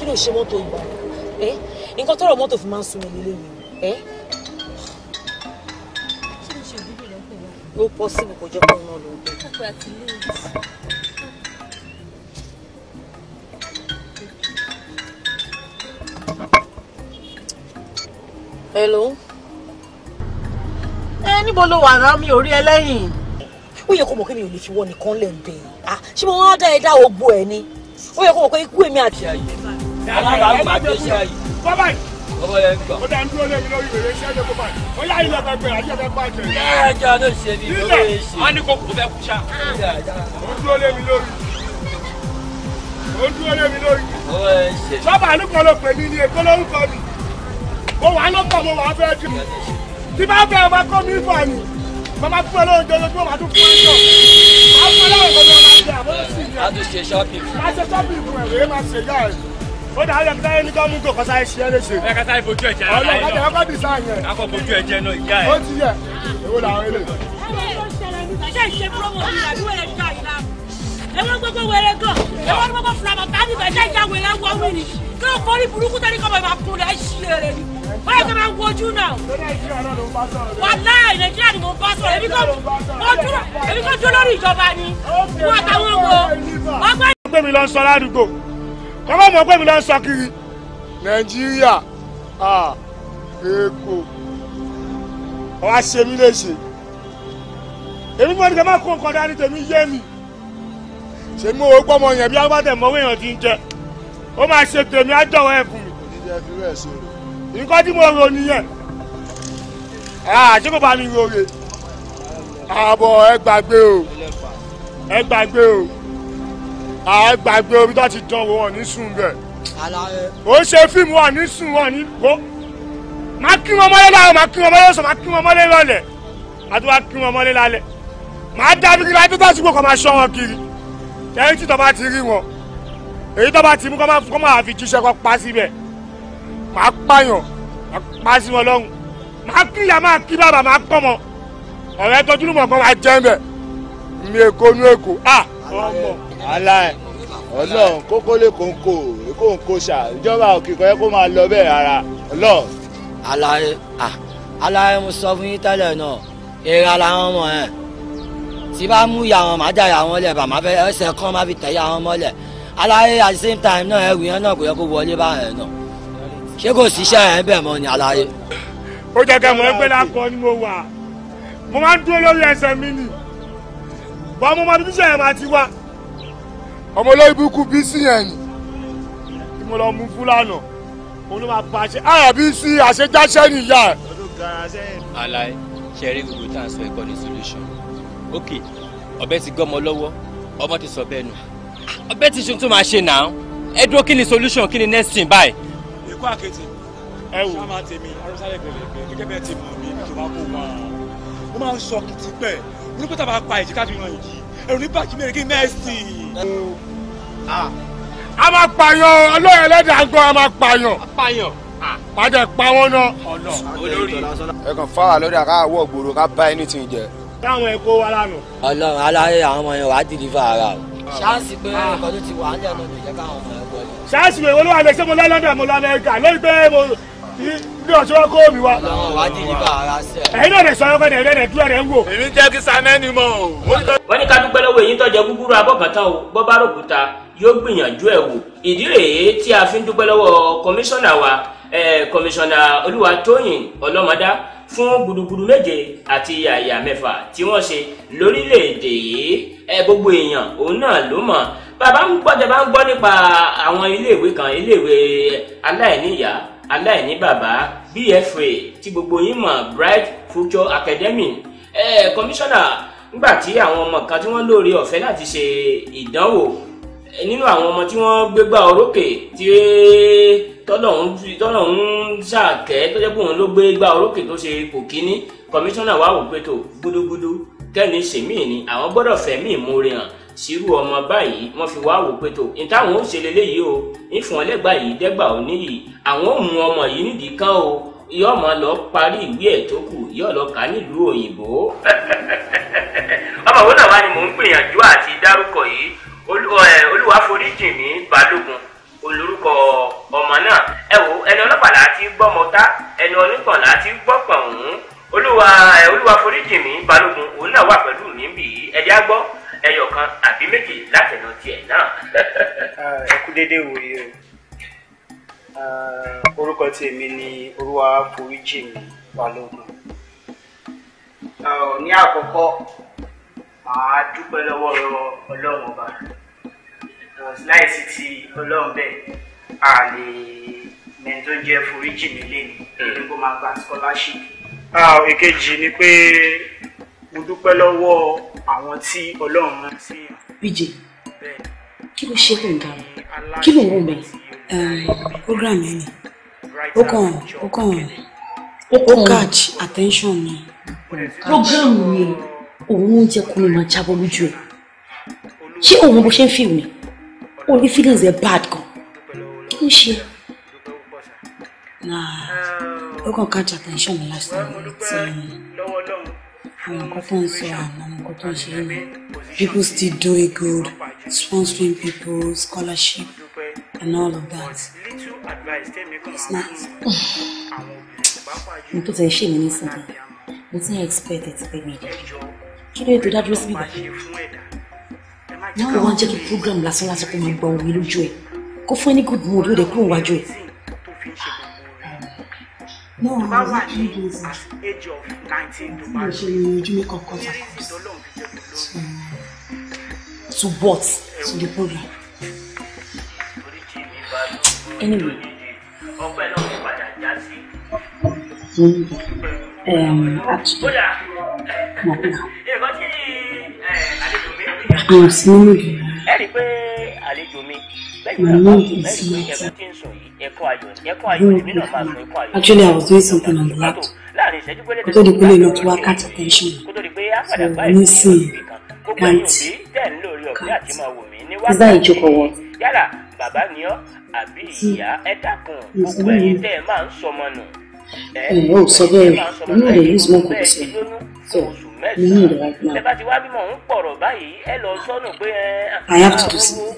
ló ṣe mọ́tò ìgbà ẹ eh? nǹkan tọrọ mọ́tò fi máa ń sun mi lélẹ́yìn ẹ. ṣé mo ṣe òdúdú rẹ pè ó pọ síbi kò jẹ́ pọ́n náà ló ń bẹ. ọkọ àti ilé ìwé. Hello. ẹ níbo ló wà rán mi ò rí ẹ lẹ́yìn. ó yẹ kó mọ̀ pé mi ò lè fi wọ́n nìkan lẹ̀ ń bẹ̀. Ah, ṣé mo wá dá ẹ dá ogbó ẹ ni ó yẹ kó mọ̀ pé ikú èmi àti alábàágbà tó ṣe ayé. bọ́bá yìí bọ́bá yẹn ń gbà. ó dá ń dúró lémi lórí ìwé iṣẹ́ ẹjọ́ bọ́bá yìí. ó yá ilé ọ̀gá gbẹ̀rẹ̀ àti ọ̀gá gbà jẹ. ẹ jẹ́ àná ṣe ni ló lè ṣe. wọ́n ní kò kò fẹ́ kú ṣá. ó dúró lémi lórí. ó dúró lémi lórí. bọ́bá àlùkò ló pè mí ní èkó lórúkọ mi. mo wà lọ́kọ̀ mo wà fẹ́ jù. tí bá fẹ́ ọba kọ́ mi fà ní. Mama fún ẹ lóhùn jọ lójú ọmọ àdúgbò ẹjọ́. Àwọn ọmọ ẹlẹ́wọ̀n kan ló máa ń jẹ àbọ̀ sí ìyẹn. A tún ṣe ṣọ́ọ̀bì. A ṣe ṣọ́ọ̀bì fún ẹ̀rọ yẹn máa ṣe yá ẹ̀ ó dà rẹ̀ fẹ́ ní gọ́ọ̀mù gò kọ́sá ẹ̀ṣin ẹ̀ léṣe. ẹ kẹta ìfojú ẹ̀jẹ̀ náà ọlọ́ọ̀ kájà ọkọ̀ dìsá yẹn. akọ fojú ẹ̀jẹ̀ náà ìyá ẹ̀. ó ti yẹ èwo làwọn ilé. ṣé gbogbo wẹ̀rẹ̀ gan ẹ̀wọ́n gbogbo fúlàmọ̀ tàbí bẹ̀ṣẹ̀ ìjà wẹ̀rẹ̀ wọ wíìnì kí ló kọ́ ní burúkú tẹ́lí kọ́ bàbá kun rẹ̀ ṣiyèrè ni báyìí kí máa wojú náà wàláì nàìjíríà ni mo bá sọ̀rọ̀ èmi kò dúró lórí ìjọba ni wọ́n àtàwọn wo ọgbẹ́. mi lọ sọ ládùúgbò bàbá mọ̀ pé mi náà ń sọ kiri nàìjíríà èkó ọ̀wá ṣe mí léṣe èmi mọ̀ ní ká má kó nǹkan dání tèmi yé mi ṣe mú owó pọ́mọ yẹn bí agbátẹ̀ mọ́ wéèyàn ti ń jẹ ó máa ṣe tèmi á jọ̀wọ́ ẹ̀ fún mi nǹkan tí mo rò nìyẹn àṣé kò bá mi rò rè àbọ̀ ẹ gbàgbé o ẹ gbàgbé o àá gbàgbé orí tó ti dánwò wọn ní sùn bẹ́ẹ̀. ó ṣe fíìmù wà ní sùn wà ní bọ́. máa kí wọn mọ́lé láàárọ̀ máa kí wọn mọ́lé sọ máa kí wọn mọ́lé rọlẹ̀ àti wàá kí wọn mọ́lé lálẹ́. máa dábí kí láti tó ti gbọ́ kọ́ máa ṣọ́ wọn kiri kẹ́yìn tí tọ́ba ti rí wọn èyí tọ́ba ti mú kọ́ máa kọ́ máa fi jíṣẹ́ kọ́ pa síbẹ̀ máa pààyàn máa pa sí wọn lọ́hùn máa kí ìyá máa kí bàbá máa pọ̀ mọ́ ọ̀rẹ́ tọ́jú lùmọ̀ kan máa jẹ́ ń bẹ̀ mi èkó nú èkó ah ọmọ aláì ọlọ́run kókó lè kó ń kó kó ń kó ṣá ìjọba òkè kọ́ yẹ kó máa lọ bẹ́ẹ̀ rárá ọlọ́run. alaye alaye mo sọ fún yín tẹ́lẹ̀ náà èrè làwọn ọmọ ẹ̀ tí bá mú ìyá wọn màá dàyà wọn lẹ̀ bàmá fẹ́ ẹsẹ̀ kan má fi tẹ̀ ìyá wọn mọ́lẹ̀ alaye at the same time náà ẹrù yẹn náà kò yẹ kó wọlé báyẹn náà ṣé kò síṣẹ́ ẹ̀ ń bẹ̀ mọ́ ni alaye. ó jẹ́ kẹ́ mọ̀ ẹ́ pé ni mo wà mo máa ń dúró lórí ẹsẹ̀ mi nì bọ́ mo máa bí tíṣà ẹ̀ máa ti wá ọmọ olóyìn burúkú bí sí yẹn ni tí mo lọ mú fúlànà òun ló máa pa àṣẹ àyàbí sí àṣejáṣẹ nìyá ẹ. alaye ṣẹ̀rí gbogbo tá à sọ ẹ̀kọ́ ní solution ok ọ̀bẹ ti gọ́mọ lọ́wọ́ ọmọ ti sọ bẹ́ẹ̀ nù ọ̀bẹ ti ṣe tó máa ṣe náà ẹ dúró kí ni solution kí ni next thing báyìí. ikú àkẹ́tì ẹ wò ṣáà máa tèmi arúgbálẹ̀ gbẹ̀lẹ̀gbẹ̀ gẹ́gẹ́ bẹ́ẹ̀ ti mọ̀ mí tó bá kó wa ó máa ń sọ kìtìpẹ́ olùkọ́ta bá pa ìjìká fi hàn yìí ẹ̀rù ní bàjẹ́ mẹ́rin kí next thing a máa pààyàn ọlọ́run ẹlẹ́dàá gan a máa pààyàn. pààyàn. Ah, pàdé pa wọn náà. ọ̀nà olórí. ẹ kàn fáwà lórí àkáwọ̀ gbòòrò ká bá ẹni tí ń jẹ. táwọn ẹ̀kọ́ wa lánàá. ọlọ́run aláyé àwọn ọmọ yẹn wàá dìlífà ara o ṣáàsì pé ah. nǹkan tó ti wà á lẹ́nu ló jẹ́ káwọn ọmọ ẹ̀ wọlé. ṣáàsì pé olúwa lè ṣe mo lọ́lọ́dà mo lọ́lọ́ ẹ̀ka lórí pé mo ní ọ̀ṣọ́ kó mi wá. ọlọ́run wá dé nípa ara sẹ́ẹ̀. ẹ̀yin náà lè sọ ọkọ rẹ̀ rẹ̀ dúró gbogbo èyí tọ́jọ gúgúrú abọ́kàntán o bọ́bá rògbòta yóò gbìyànjú ẹ̀ wò ìdí rèé tí a fi ń dúpẹ́ lọ́wọ́ kọmíṣánná wa kọmíṣánná olúwatóyìn ọlọ́mọdá fún gudugudu méje àti àyà mẹ́fà tí wọ́n ṣe lórílẹ̀‐èdè yìí gbogbo èèyàn òun náà ló mọ̀ bàbá ń gbọ́ bàbá ń gbọ́ nípa àwọn iléèwé kan iléèwé aláìníyá aláìní bàbá BFA tí gbogbo yín mọ̀ Bright Future Academy kọmíṣánná nígbà tí àwọn ọmọ kan tí wọ́n lóore ọ̀fẹ́ láti ṣe ìdánwò eh, nínú àwọn ọmọ tí wọ́n gbégbá orókè tí tọ́lọ̀hún ṣàkẹ́ tó jẹ́ pé òun ló gbégbá orókè tó ṣe ipò kíní kọmíṣánná wà wò pé tó gúdúgúdú kẹ́ni ṣèmí ni àwọn gbọ́dọ̀ fẹ̀mí ìmoore hàn sírú ọmọ báyìí wọ́n fi wá wò pé tó ní táwọn ó ṣe leléyìí o ìfọ̀nlẹ́gbà yìí dẹ́gbà ò níyì àwọn ò mú ọmọ yìí nídìí kán o yóò máa lọ parí ìwé ẹ̀ tó kù yóò lọ kà nílùú òyìnbó. ọmọ òun náà wá ni mò ń gbìyànjú àti dárúkọ yìí olúwa foríjì ní balógun olórúkọ ọmọ náà ẹ wo ẹni ọlọ́pàá láti gbọ́mọta ẹni onígbọ̀n láti gbọ́pọ̀n òun olúwa olúwa foríjì ní balógun òun náà wà pẹ̀lú mi bì í ẹ̀dí á gbọ́ ẹyọkan àbí méjì látẹnu tiẹ̀ náà. ẹ kú déédéé wòye o orúkọ tí èmi ni olúwa foríjì mi balógun. ní àkọ́kọ́ màá dúpẹ́ lọ́wọ́ ọlọ́run ọba láìsí ti ọlọ́run bẹ́ẹ̀ a lè mẹ́ni tó jẹ́ foríjì mi lẹ́nu èyí kó máa gba scholarship. èkejì ni pé mo dúpẹ́ lọ́wọ́ àwọn tí ọlọ́run rán sí. bíjì kí ló ṣe kó ń dára kí ló ń wọ́n mẹ́rin. Eh, program yẹn ni ó kàn ó kàn ó catch attention mi. program yẹn òun oúnjẹ kan ló máa jábọ́ lójú ẹ̀ ṣé òun bó ṣe ń fìwé ó ní feelings ẹ̀ bad gan kí ló ṣe. ó kàn catch attention mi last time tí àwọn nǹkan tó ń sọ àwọn nǹkan tó ń ṣe é people still doing good sponsoring people scholarship and all of that. It's not. Mo tó tẹ̀ ṣe mí nísìnyí. Mo ti ń expect ẹ̀ ti pẹ́ mi dé. Kí ló yẹ tó dádúró síbí báyìí? Náà wọ́n jẹ́ kí program lásán láti kó máa gba òwe lójú ẹ̀. Kó any good mood lóde kúrò wájú ẹ̀. Náà um, No, wá ní ìlú ìsìn. Mo ṣe ojú mi kọ̀ọ̀kan. To what? To the program anyway. ọpẹ́ um, actually mo pè á. nǹkan tí àlejò mi rí. actually I was doing something on the laptop I thought di pé lè lọ tó wá catch attention so nísìnyí kàǹtì níwájú ìjókòó yálà bàbá ni ọ àbí ìyá ẹ dákun gbogbo ẹ̀yin tẹ ẹ máa ń sọmọ nù. ẹ ò sọ bẹ́ẹ̀ o ní ìrẹ̀ yìí mọ̀ kò sí so mi ní ìrẹ̀ right now. ti wá bímọ ń pọ̀rọ̀ báyìí ẹ lọ sọ́nù pé ẹ àwọn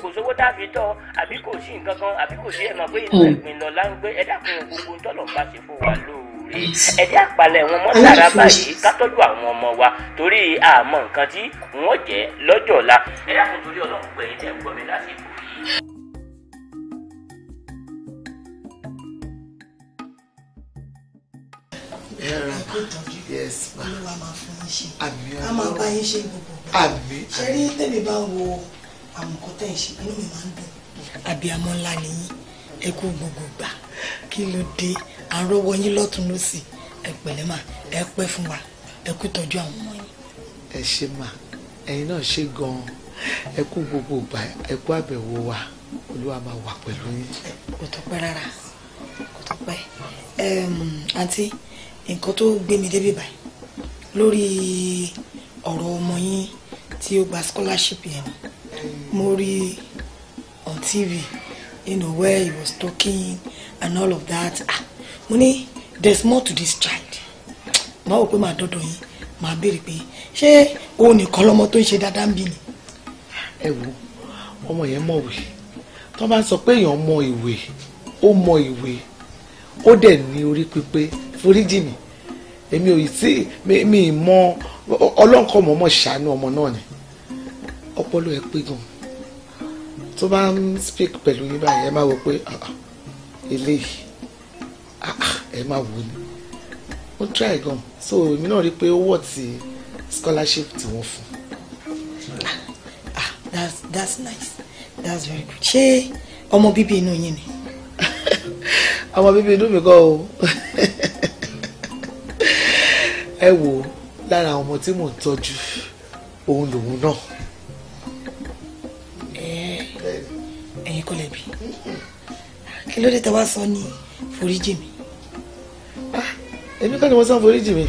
kò sówó tá a fi tọ́ àbí kò sí nǹkan kan àbí kò sí ẹ̀ mọ̀ pé ìpínlọ̀ láńgbé ẹ dákun gbogbo tọ́lọ̀ bá ti fò wá lóo ẹ jẹ́ àpalẹ̀ wọn mọ́ báyìí ká tọ́jú àwọn ọmọ wa torí àmọ́ nǹkan tí wọ́n jẹ́ lọ́jọ́ ọ̀la ẹ dákun torí ọlọ́run pẹ̀yìn tẹ̀ ń gbọ́ mi lásìkò yìí. ẹran yes ńlá nìyí ẹ kú gbogbo gbà kí ló dé à ń rówó yín lọ́tún lọ́sì ẹ pẹ̀lẹ́ mà ẹ pẹ́ fún wa ẹ kú tọ́jú àwọn ọmọ yín. ẹ ṣe mà ẹ̀yin náà ṣe gan-an ẹ kú gbogbo ìgbà ẹ kú àbẹ̀wò wa olúwa máa wà pẹ̀lú yín. kò tó pẹ́ rárá kò tó pẹ́ àǹtí nǹkan tó gbé mi débi báyìí lórí ọ̀rọ̀ ọmọ yín tí ó gba scholarship yẹn mo rí on TV you know where he was talking and all of that ah mo ní there is more to this child máa wò pé màá dọ́dọ̀ yín màá béèrè pé ṣé òun nìkan lọmọ tó ń ṣe dáadáa ń bí ni. ẹ wo ọmọ yẹn mọ̀wé tó bá ń sọ pé èèyàn mọ ìwé ó mọ ìwé ó dẹ̀ ní orí pípé foríjì mi èmi ò tí mi ì mọ ọlọ́nkọ́ mọ̀ọ́mọ̀ ṣàánú ọmọ náà ni ọpọlọ ẹ pé gan tó bá ń speak pẹ̀lú yín báyìí ẹ máa wọ pé ah, ah, eléyìí ẹ máa wò ni ó try gan so èmi náà rí i pé ó wọ̀ tí scholarship tí wọ́n fún. ah that's that's nice that's very good ṣé ọmọ bíbí inú yín ni. ọmọ bíbí inú mi kọ́ o ẹ wo. lára àwọn ọmọ tí mò ń tọ́jú òun lòun náà. ẹ̀yin kọ́lẹ̀ bí kí ló dé tẹ́ wá sọ ní foríjì mi èmi kọ́ ni wọ́n sàn foríjì mi.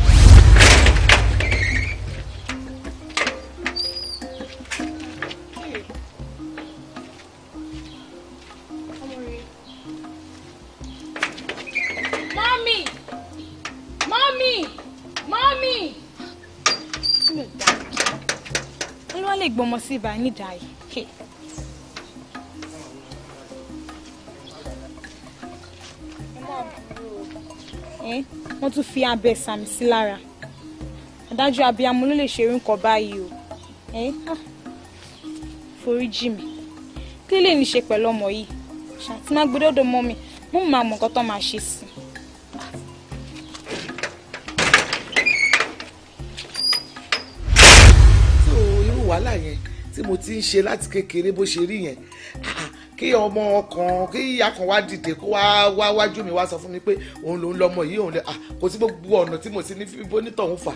sí ibà nídàá yìí. wọ́n tún fi abẹ sàmì sí lára adájọ abiyamọ ló lè ṣe irú nǹkan báyìí o ah! forí jì mí kí lè ní ṣe pẹ̀lú ọmọ yìí ṣàtì má gbẹdọdọ mọ mi mo máa mọ nǹkan tó máa ṣe sí i. wàhálà yẹn tí mo ti ń ṣe láti kékeré bó ṣe rí yẹn ah, kí ọmọ ọkàn kí akàn wá dìde kó wá wá wájú mi wá sọ fún mi pé òun lòun lọmọ yìí òun lè à kò sí gbogbo ọ̀nà tí mo sì ní fífi bonítọ̀hún fà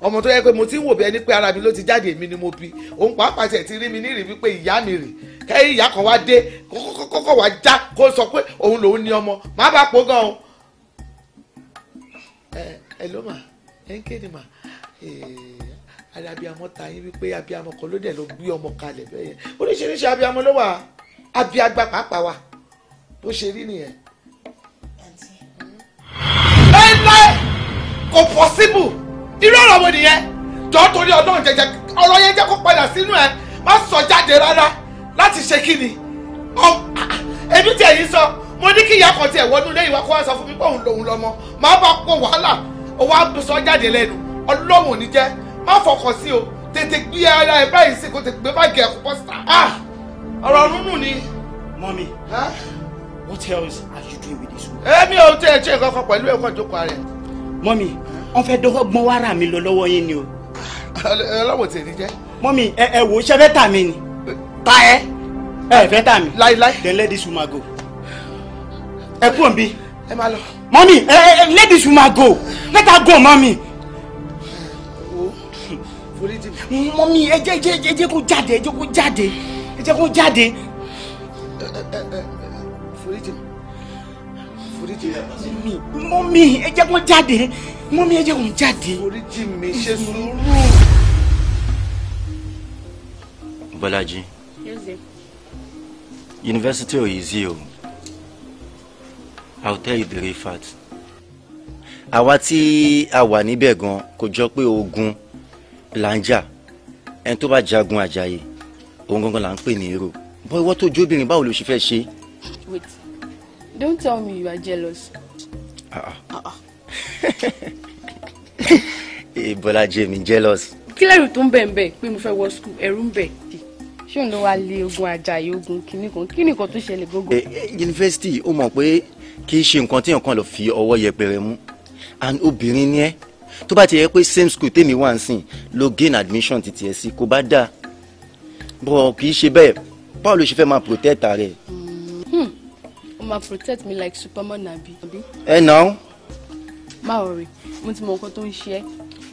ọmọ tó yẹ pé mo ti ń wò bí ẹni pé ara mi ló ti jáde èmi ni mo bí òun pàápàá tiẹ̀ ti rí mi nírìí wípé ìyá mi rè kẹ́yìn ìyá kan wá dé kókókókó wá já kó sọ pé òun lòun ní ọmọ má bàa pọ̀ gan o. ẹ ẹ ló mà ẹ ń kéde mà ara abiyamọ ta yín wípé abiyamọ kan ló dẹ̀ ló gbé ọmọ kalẹ̀ bẹ́ẹ̀ yẹn oríṣiríṣi abiyamọ ló wà abiagba pàápàá wa bó ṣe rí nìyẹn. láéláé kò pọ́síbù irú ọ̀rọ̀ wo nìyẹn jọ torí ọdún jẹjẹ ọ̀rọ̀ yẹn jẹ́ kó padà sínú ẹ̀ má sọ jáde rárá láti ṣe kí ni ẹbí tí ẹ̀yin sọ mo ní kí ìyá kan tiẹ̀ wọnú lẹ́yìn wá kó wá sọ fún mi pé òun lòun lọ́mọ màá bá kó wàhálà òun á sọ jáde lẹ́nu ọlọ́run ò ní jẹ́ má fọkàn sí o tètè gbé ara ẹ báyìí sí kó tètè gbé báàgì ẹ kó bọ́ ọ̀rọ̀ nínú ni. mọ́mí what else are you doing with this woman. èmi ò tẹ ẹ ṣe nǹkan kan pẹ̀lú ẹ̀kọ́ ìjókòó rẹ̀. mọ́mí wọ́n fẹ́ dọ́gbọ́n wàrà mi lọ lọ́wọ́ yín ni o. ọlọ́wọ́ tèmi jẹ́. mọ́mí ẹ ẹ wò ṣẹ́ fẹ́ tà mí ni. ta ẹ. ẹ fẹ́ tà mí. láíláí. then let this woman go. ẹ kúrò nbí. ẹ máa lọ. mọ́mí ẹ ẹ let this woman go let her go mọ́mí mọ́mí ẹ jẹ́ ẹ jẹ́ ẹ jẹ́ kó jáde ẹ jẹ́ kó jáde ẹ jẹ́ kó jáde. foríjì foríjì mi mọ́ mi ẹ jẹ́ kó jáde mọ́ mi ẹ jẹ́ kó jáde. foríjì mi ṣe sùúrù. Bọ́lájí yunifásitì ò yìí sí o I'll tell you the real fact àwa tí a wà níbẹ̀ gan kò jọ pé ogun là ń jà ẹni tó bá jagun àjàyè òun gangan là ń pè ní èrò bọ́ ìwọ tó jóbìnrin báwo ló ṣe fẹ́ ṣe. wait don't tell me you are jealous. ìbọ̀lá ah, ah. ah, eh, jẹ́ mi jealous. kí lẹ́rù tó ń bẹ̀ ń bẹ̀ pé mo fẹ́ wọ skul ẹ̀rù ń bẹ̀ ṣé òun ló wá lé ogun ajayi ogun kìnnì kan kí nìkan tó ṣẹlẹ̀ gógó. Eh, eh, yunifásitì ó mọ̀ pé kì í ṣe nǹkan tí nǹkan lọ fi ọwọ́ yẹpẹrẹ mú and obìnrin ni ẹ tó bá ti yẹ pé same school tèmi wà ń sìn ló gain admission ti tiẹ̀ sí kó bá dáa bọ̀ kì í ṣe bẹ́ẹ̀ báwo ló ṣe fẹ́ máa protect rẹ̀. o hmm. máa protect me like superman abi. ẹ nà ó. má o rè mo ti mọ nǹkan tó ń ṣe ẹ́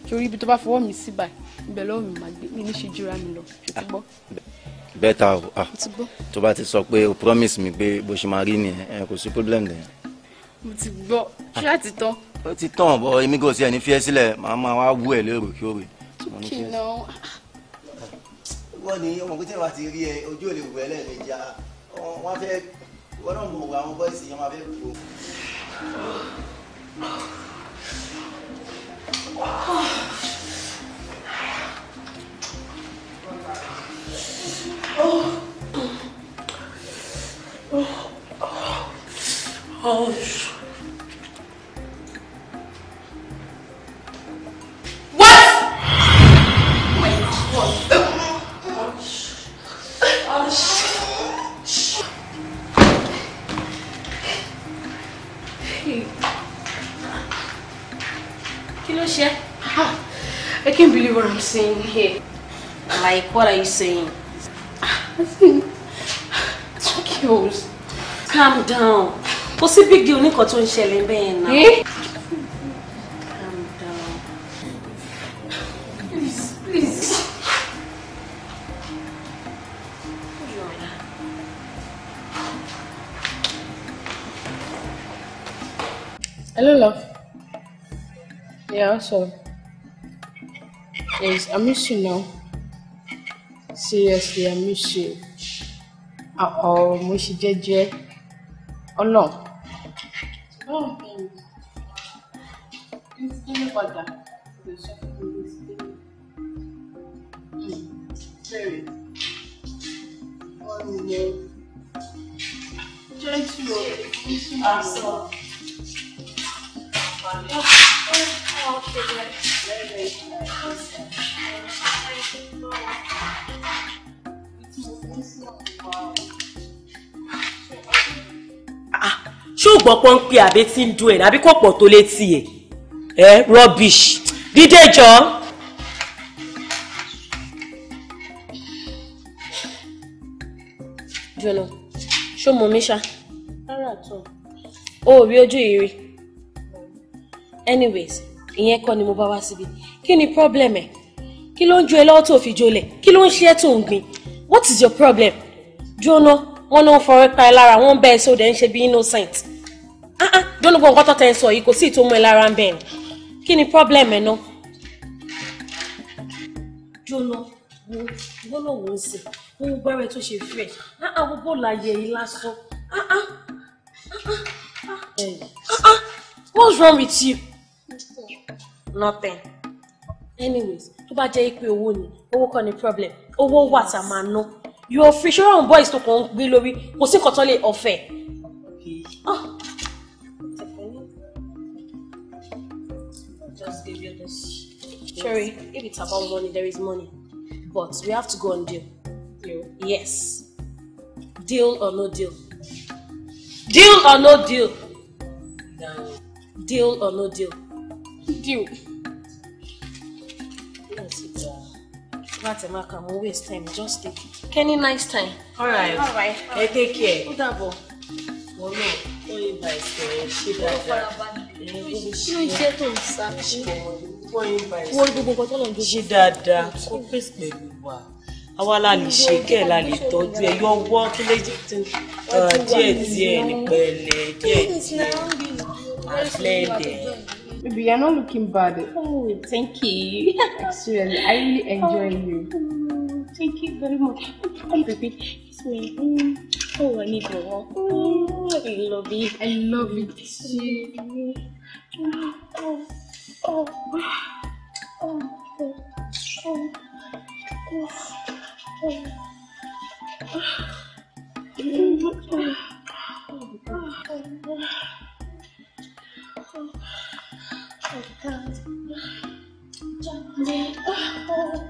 torí ibi tó bá fọwọ́ mi sí báyìí ibẹ̀ lọ́wọ́ mi máa gbé mi ní ṣe jura mi lọ ṣùgbọ́n. bẹ́ẹ̀ta o ah, ah. tó bá ti sọ pé o promise mi pé bó ṣe máa rí nìyẹn kò sí problem lẹ́yìn. mo ti gbọ́ ṣé àti tán. ó ti tàn bọ́ èmi kò sí ẹni fi sílẹ̀ màá máa wá wú ẹ̀ lérò kí ó rè. kí n náà wọ́n ní ọmọ pé tí wọ́n ti rí ẹ ojú ò lè wù ẹ́ lẹ́ẹ̀mejì à wọ́n fẹ́ wọ́n náà mọ̀ wọ àwọn bọ́ìsì yẹn wọ́n fẹ́ wù ú. Oh. What? my God. Kí ló ṣe? I can't believe what I'm seeing here. Like, what are you saying? Nothing. Tokyo's. Calm down. Kò sí big deal nìkan tó ń ṣẹlẹ̀ bẹ́ẹ̀ eh? Calm down. Please, please. Hello, love. Yeah, so. Yes, I miss you now. Seriously, I miss you. Uh-oh, mo ṣe jẹ́jẹ́. Ọlọ́run. Ọlọ́run bẹ̀rù. Kí n tẹ́lẹ̀ padà. Kò sọ fún mi ní tẹ́lẹ̀. Bẹ̀rẹ̀. Ọ̀run yẹn. Jẹ́ tí o, èyí sì máa sọ. Ah, ṣé ò gbọ́ pọ́n pé àbí tí ń dún ẹ̀ àbí kò pọ̀ tó létí ẹ̀ ẹ́ rubbish dídé jọ. jọ̀nà ṣó mọ̀ mí ṣá. rárá tó. o rí ojú yìí anyways ìyẹn kọ́ ni mo bá wá síbi kí ni problem ẹ̀ kí ló ń ju ẹ lọ́wọ́ tó fi jolẹ̀ kí ló ń ṣe ẹ́ tó ń gbin what is your problem jóná wọn náà fọwọ́ pa ẹ lára wọn bẹ́ẹ̀ sọ dẹ̀ ń ṣe bí innocent ah ah jóná gbọ́ nǹkan tọ́tẹ̀ ń sọ yìí kò sí ìtòmú ẹ lára ń bẹ̀rù kí ni problem ẹ náà jóná wo gbọ́nà wò ó sè wọ́n ń gbẹ́rẹ́ tó ṣe fẹ́ ah ah gbogbo làyè yìí lásán ah ah ah ah ah what's wrong with you nothing. anyways tó bá jẹ́ pé owó ni owó kọ́ ni problem owó wà tá a máa ná your free ṣọ́ra àwọn boys tó kàn ń gbé lórí kò sí nǹkan tán lè ọ̀fẹ́. Just give you this. Ah. Sherry, if it's about money, there is money. But we have to go on deal. Deal? Yes. Deal or no deal? Deal or no deal? Damn. Deal or no deal? deal. Not a mark, I'm waste time. Just take it. Kenny, nice time. All right. All right. All right. Hey, take care. Ó dàbọ̀. Mo lọ. Ó yí ba ìṣe ṣé dáadáa. Ṣé o jẹ́ tó ń sá? Ó yí ba ìṣe. Wọ́n gbogbo nǹkan tó lọ ń jó. Ṣé dáadáa kó fèsì pẹ̀lú wa? Àwa la lè ṣe kẹ́ ẹ̀ la lè tọ́jú ẹ̀ yọ ọwọ́ kí lè díẹ̀ díẹ̀ ní pẹ̀lẹ́ díẹ̀ díẹ̀. Àlẹ́ dẹ̀. Baby, you're not looking bad. Oh, thank you. Actually, I really enjoy oh, you. Oh, thank you very much. Come, baby. It's Oh, I need more. walk. I love it. I love it too. Oh, oh, oh, oh, oh, oh, oh. oh. oh. oh because Johnny oh, oh,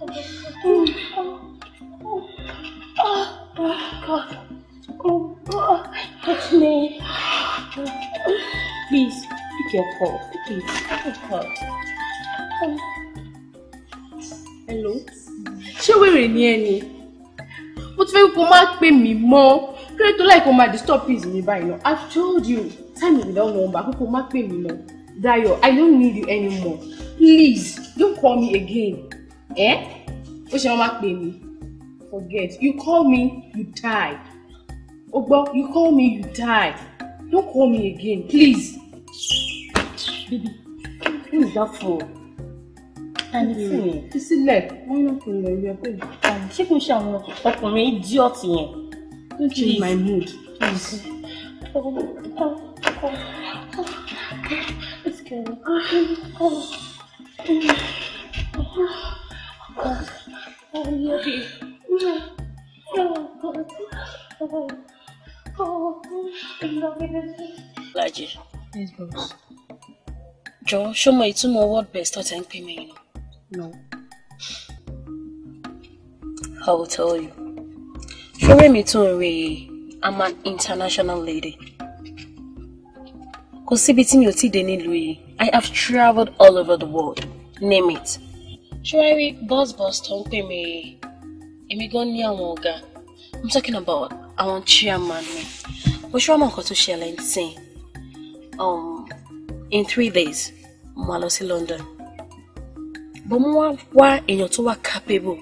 oh, oh, God. Oh, oh, touch me. Please, pick your paw. Please, pick your paw. Oh. Hello? Ṣé wèrè ni ẹni? Mo ti fẹ́ kó má pè mí mọ́ kílódé tó láì kó máa disturb peace mi báyìí náà I've told you time is without number kókó má pè mí náà Dayo I don't need you anymore please don't call me again Eh? ó ṣe wọn máa pè mí forget you call me you die o gbọ́ you call me you die don't call me again please baby who is that for tani fún yẹn fi sílẹ̀ wọn náà kò lè rí ọpẹ́ yìí ṣé kò ń ṣe àwọn ọkùnrin idiot yẹn. Don't change my mood, please. Oh, oh, oh, oh. It's go. Oh, oh, God. Oh, Yogi. Oh, God. Oh, oh, I'm not gonna Laji. Yes, boss. Jọ̀ọ́, ṣó mọ ìtumọ̀ word best tó tẹ̀ ń pè mí yìí. No. I will tell you ṣoré mi tó ń re i'm an international lady kò síbi tí mi ò ti dé nílùú yìí i have travelled all over the world name it ṣọ́rí bus bus tó ń pè mí èmi gan ní àwọn ọ̀gá i'm talking about àwọn chairman mi mo ṣọ́ mọ̀ nǹkan tó ṣẹlẹ̀ ń um, in three days mo lọ sí London bó mo wá wá èèyàn tó wà capable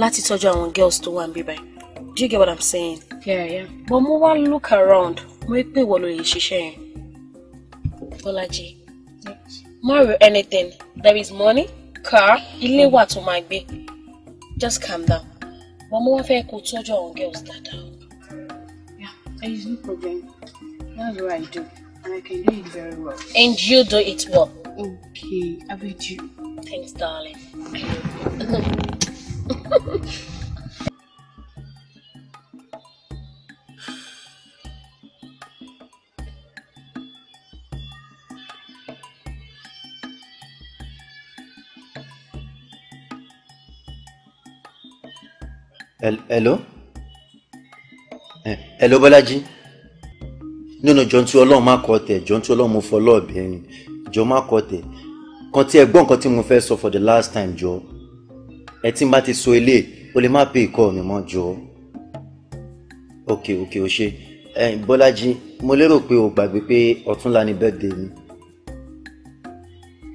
láti tọ́jú àwọn girls tó wà ń bíbáyìí do you get what i'm saying. yeah yeah. but mo wá look around mo rí pé ìwọ ló lè ṣiṣẹ́ yẹn. Bọ́lájí má anything there is money car ilé wà to máa gbé just calm down but mo wá fẹ́ kó tọ́jú àwọn girls dáadáa. yeah there is no problem that's what i do and i can do it very well. and you do it well. okay i bet you. thanks darling. hello eh, hello Bolaji. No, no, John Ọlọ́run má kọ́ tẹ̀ jọ̀ọ́ tí Ọlọ́run mo fọ́ lọ́ọ̀bì ẹ̀yìn jọ̀ọ́ má kọ́ tẹ̀ kan tí ẹ gbọ́ nǹkan for the last time Joe. ẹ tí n bá ti sọ ilé o lè má pè my Joe. Okay, okay, ok ok o ṣe eh, Bọ́lájí mo lérò pé o gbàgbé pé ọ̀túnla ni birthday mi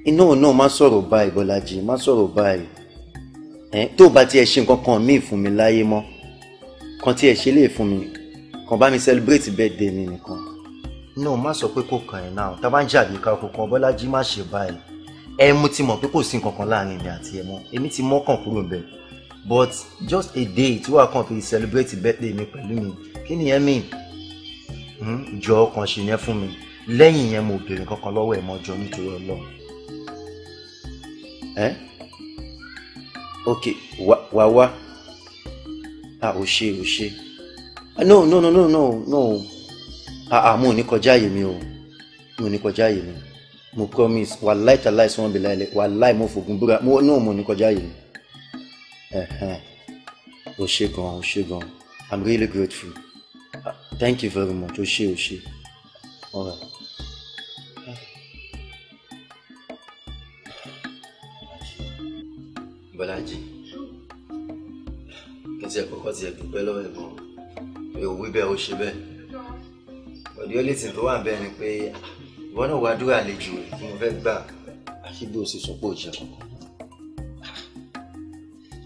inú òun náà má sọ̀rọ̀ báyìí Bọ́lájí má sọ̀rọ̀ ẹ tó o bá tiẹ̀ ṣe nǹkan kan míì fún mi láyé mọ́ kan tiẹ̀ ṣe lè fún mi kan bá mi celebrate birthday mi nìkan. no má sọ pé kò kàn ẹ́ náà tá a bá ń jà bí ká kókan bọ́lájí má ṣe báyìí ẹ mú ti mọ̀ pé kò sí nǹkan kan láàrin mi àti ẹ mọ́ èmi ti mọ́kàn kúrò bẹ́ẹ̀ but just a day tí wàá kàn fi celebrate birthday mi pẹ̀lú mi kí ni yẹn mean hmm, jọ ọkàn ṣe yẹn fún mi lẹ́yìn yẹn mo béèrè kankan lọ́wọ́ ẹ̀ mọ́ jọ nítorí ọlọ́run. eh? okay wa wa. ah ò ṣe ò ṣe no no no no no no ah ah mo ò ní kọjá àyè mi o mo ò ní kọjá mi mo promise wàláì tàláì sọ́wọ́n bìláì lẹ wàláì mo fògùn búra mo no mo ò ní kọjá àyè mi ò ṣe gan ò ṣe gan i'm really grateful uh, thank you very much ò ṣe ò ṣe all right. Bọ́lájì kí n tiẹ̀ kọ́kọ́ tiẹ̀ dúpẹ́ lọ́wọ́ ẹ̀gbọ́n pé òwú bẹ́ẹ̀ ó ṣe bẹ́ẹ̀ ọ̀dí ó lè tì tó wà bẹ́ẹ̀ ni pé ìwọ náà wá dúró àlejò rẹ̀ tí mo fẹ́ gbà àfi bí o sì sọ pé ò jẹ kankan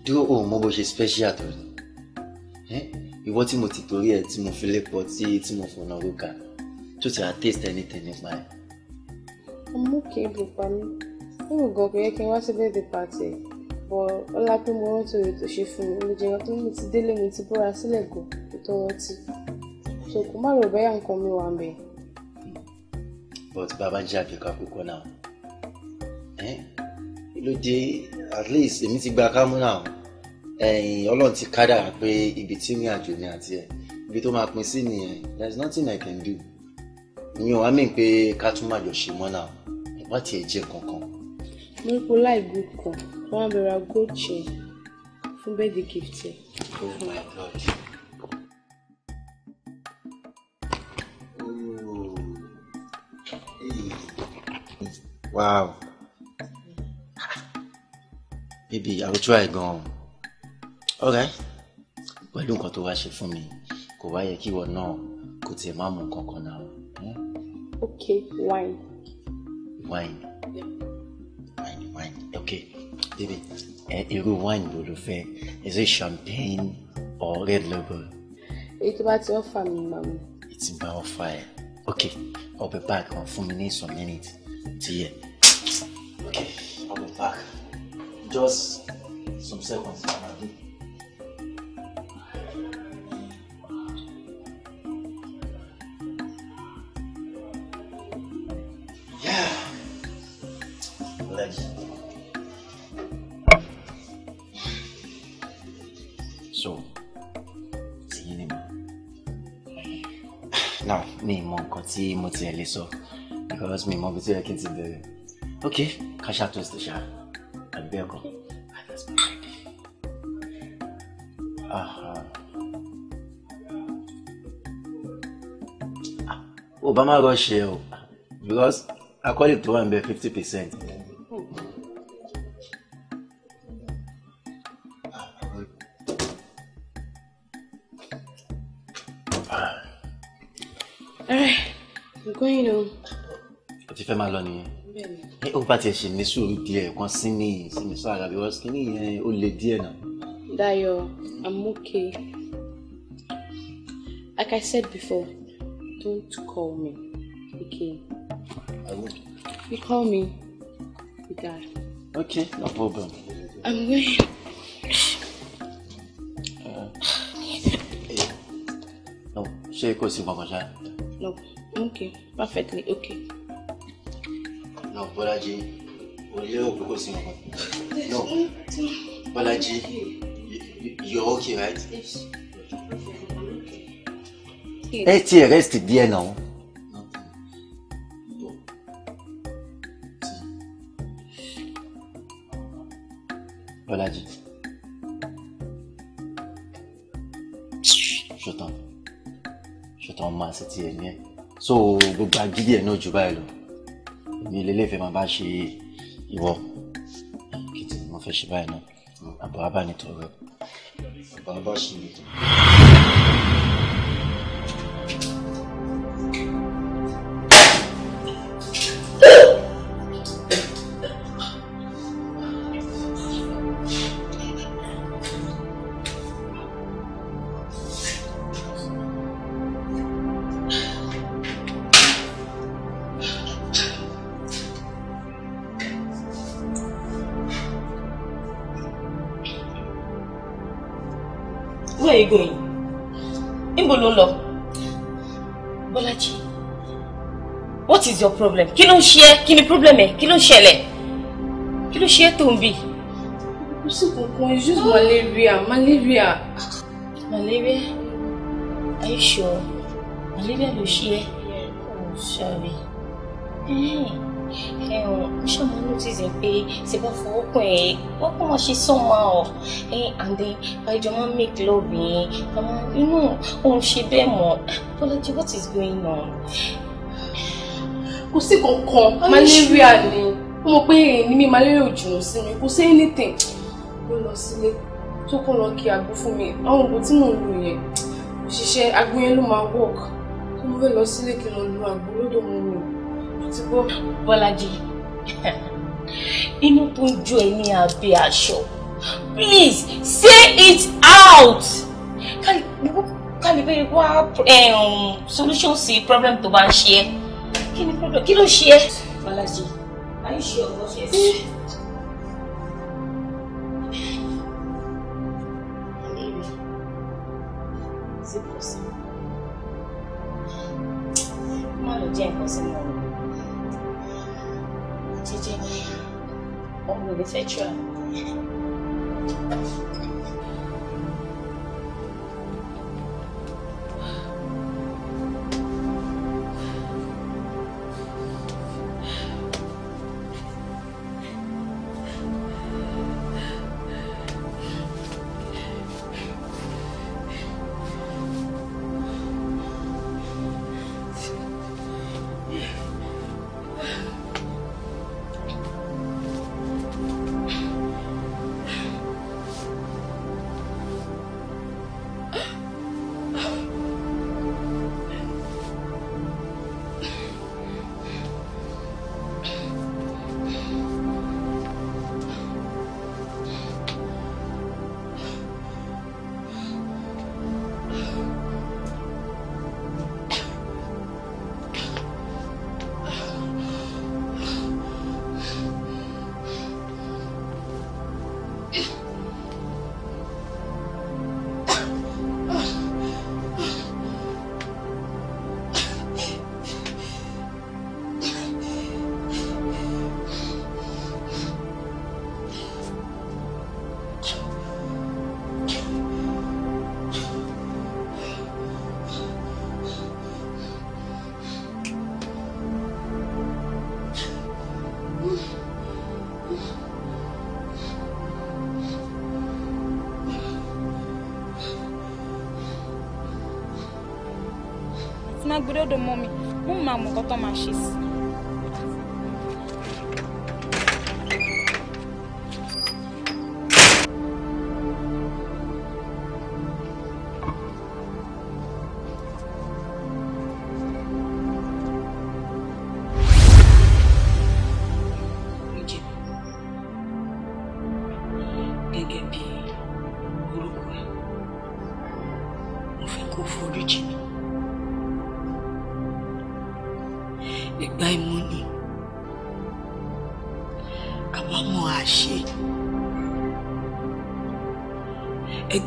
dúró òun mọ bó ṣe special tó ni ìwọ tí mo ti torí ẹ tí mo fi lè pọ tí tí mo fọnà rúkà tó ti à taste anything nípa ẹ. ọmọ kì í dùn pa mí nínú gan kò kí n wá sí birthday party bọ̀ ọlá pé mo rántí oore tó ṣe fún mi ló jẹyọ pé mi ti délé mi ti búra sílẹ̀ gan kó tó rántí ṣòkò má rò bẹ́yà nǹkan mi wà mẹ́. but bàbá jẹ́ àkẹ́kọ̀ọ́ àkókò náà ló dé at least èmi ti gba kámú náà ẹ̀yìn ọlọ́run ti kádàrá pé ibi tí ìrìn àjò ni àti ẹ̀ ibi tó máa pín sí nìyẹn there is nothing I can do ìyẹn wàá mìíràn pé ká tún máa jọ ṣe mọ́ náà wá tiẹ̀ jẹ́ kankan. mo ń po láì kan wọ́n á bẹ̀rẹ̀ gold chain fún birthday gift ẹ̀ oh wow baby i will try gan alright pẹ̀lú nǹkan tó wá ṣe fún mi kò wá yẹ kí ìwọ náà kò tiẹ̀ má mú kankan náà. Hmm? Okay, wine. wine. Yeah. Baby, irú wine wo ló fẹ́? Is it champagne or red label? Èyí tó bá ti ọ́fà mi mà mí. Ètí bá ọ́fà ẹ̀. Okay, I'll be back on fún mi ní some minutes. Ti yẹ. Okay, I'll be back. Just some seconds. I'll mi mọ nǹkan tí mo tiẹ̀ lè because me, mọ ibi I ó yẹ kí n ti bẹ̀rẹ̀ ok kasha toast ṣá àbí bẹ́ẹ̀ kọ́ ah, that's my idea. ó bá má rọ̀ ṣe o because akọ́lé tó wà ń bẹ fifty percent. tó bá tiẹ̀ ṣe ní sùúrù díẹ̀ kan sí mi sí mi sára because kí nìyẹn ó le díẹ̀ náà. Dayo, I'm okay. Like I said before, don't call me, okay? I will. You call me, you die. Okay, no problem. I'm going. Eh, no, ṣé kò sí gbọ̀ngàn ṣá? No, I'm okay, perfectly okay. Bọ́lájí orí ò sí nǹkan no Bọ́lájí you're okay right. ẹ ti rest díẹ̀ náà. Bọ́lájí. ṣetán ṣetán máa ṣe tiẹ̀ ní ẹ̀ so gbogbo agídí ẹ̀ náà jù báyìí lọ àbí lélẹ́ fẹ́ máa bá ṣe ìwọ kí tí mo fẹ́ ṣe báyìí náà àbọ̀ abánitọ̀ rẹ̀ àbọ̀ abáṣe ìtàn. is your problem kí ló ń ṣe ẹ́ kí ni problem ẹ̀ kí ló ń ṣẹlẹ̀ kí ló ṣe é tó ń bì. kò sí kankan it's just malaria malaria. malaria are you sure malaria ló ṣe ẹ́ oh sorry ẹ̀hún ṣọ́mọ notice pé ṣe bá fọwọ́ pẹ̀ ẹ́ wọ́n kọ́ máa ṣe sọ́mà ọ̀ ẹ̀hìn and then àìjọ máa make love yẹn àwọn inú òun ṣe bẹ́ẹ̀ mọ́ Bọ́lájí what is going on? kò sí kankan malaria ni ó mọ̀ pé èyí ni mi malaria ò jìnnà sí mi kò sí anything mo lọ sílé tó kàn lọ kí àgbo fún mi àwọn òògùn tí mò ń lò yẹn òṣìṣẹ́ àgbo yẹn ló máa work tó mo fẹ́ lọ sílé kí n lọ lo àgbo lọ́dọ̀ mo lò àti gbọ́. Bọ́lájí inú tó ń jó ẹ ní abẹ́ aṣọ please say it out kálí bẹ́ẹ̀ wá eh, um, solution sí problem tó bá ń ṣe ẹ́ kí ni problem kí ló ṣe é. Bọ́lájí are you sure of what you say. Ọmọ mi fẹ́ tíra. gbúdọ̀dọ̀ mọ́ mi mo máa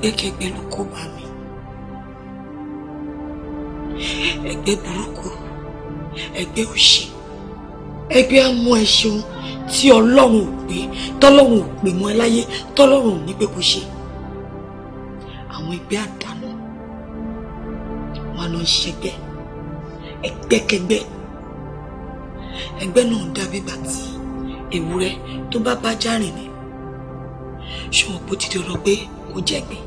ẹgbẹ́kẹgbẹ́ ló kó bá mi ẹgbẹ́ burúkú ẹgbẹ́ òṣì ẹgbẹ́ amú ẹṣin tí ọlọ́run ò pé tọ́lọ́run ò pè mọ́ ẹ láyé tọ́lọ́run ò ní pé kó ṣe àwọn ẹgbẹ́ àdánù wọn lọ ń ṣẹgbẹ́ ẹgbẹ́kẹgbẹ́ ẹgbẹ́ náà dàbí ìgbà tí ewúrẹ́ tó bá bá járìn ni ṣùgbọ́n bó ti dọ̀rọ̀ pé kò jẹ̀gbẹ́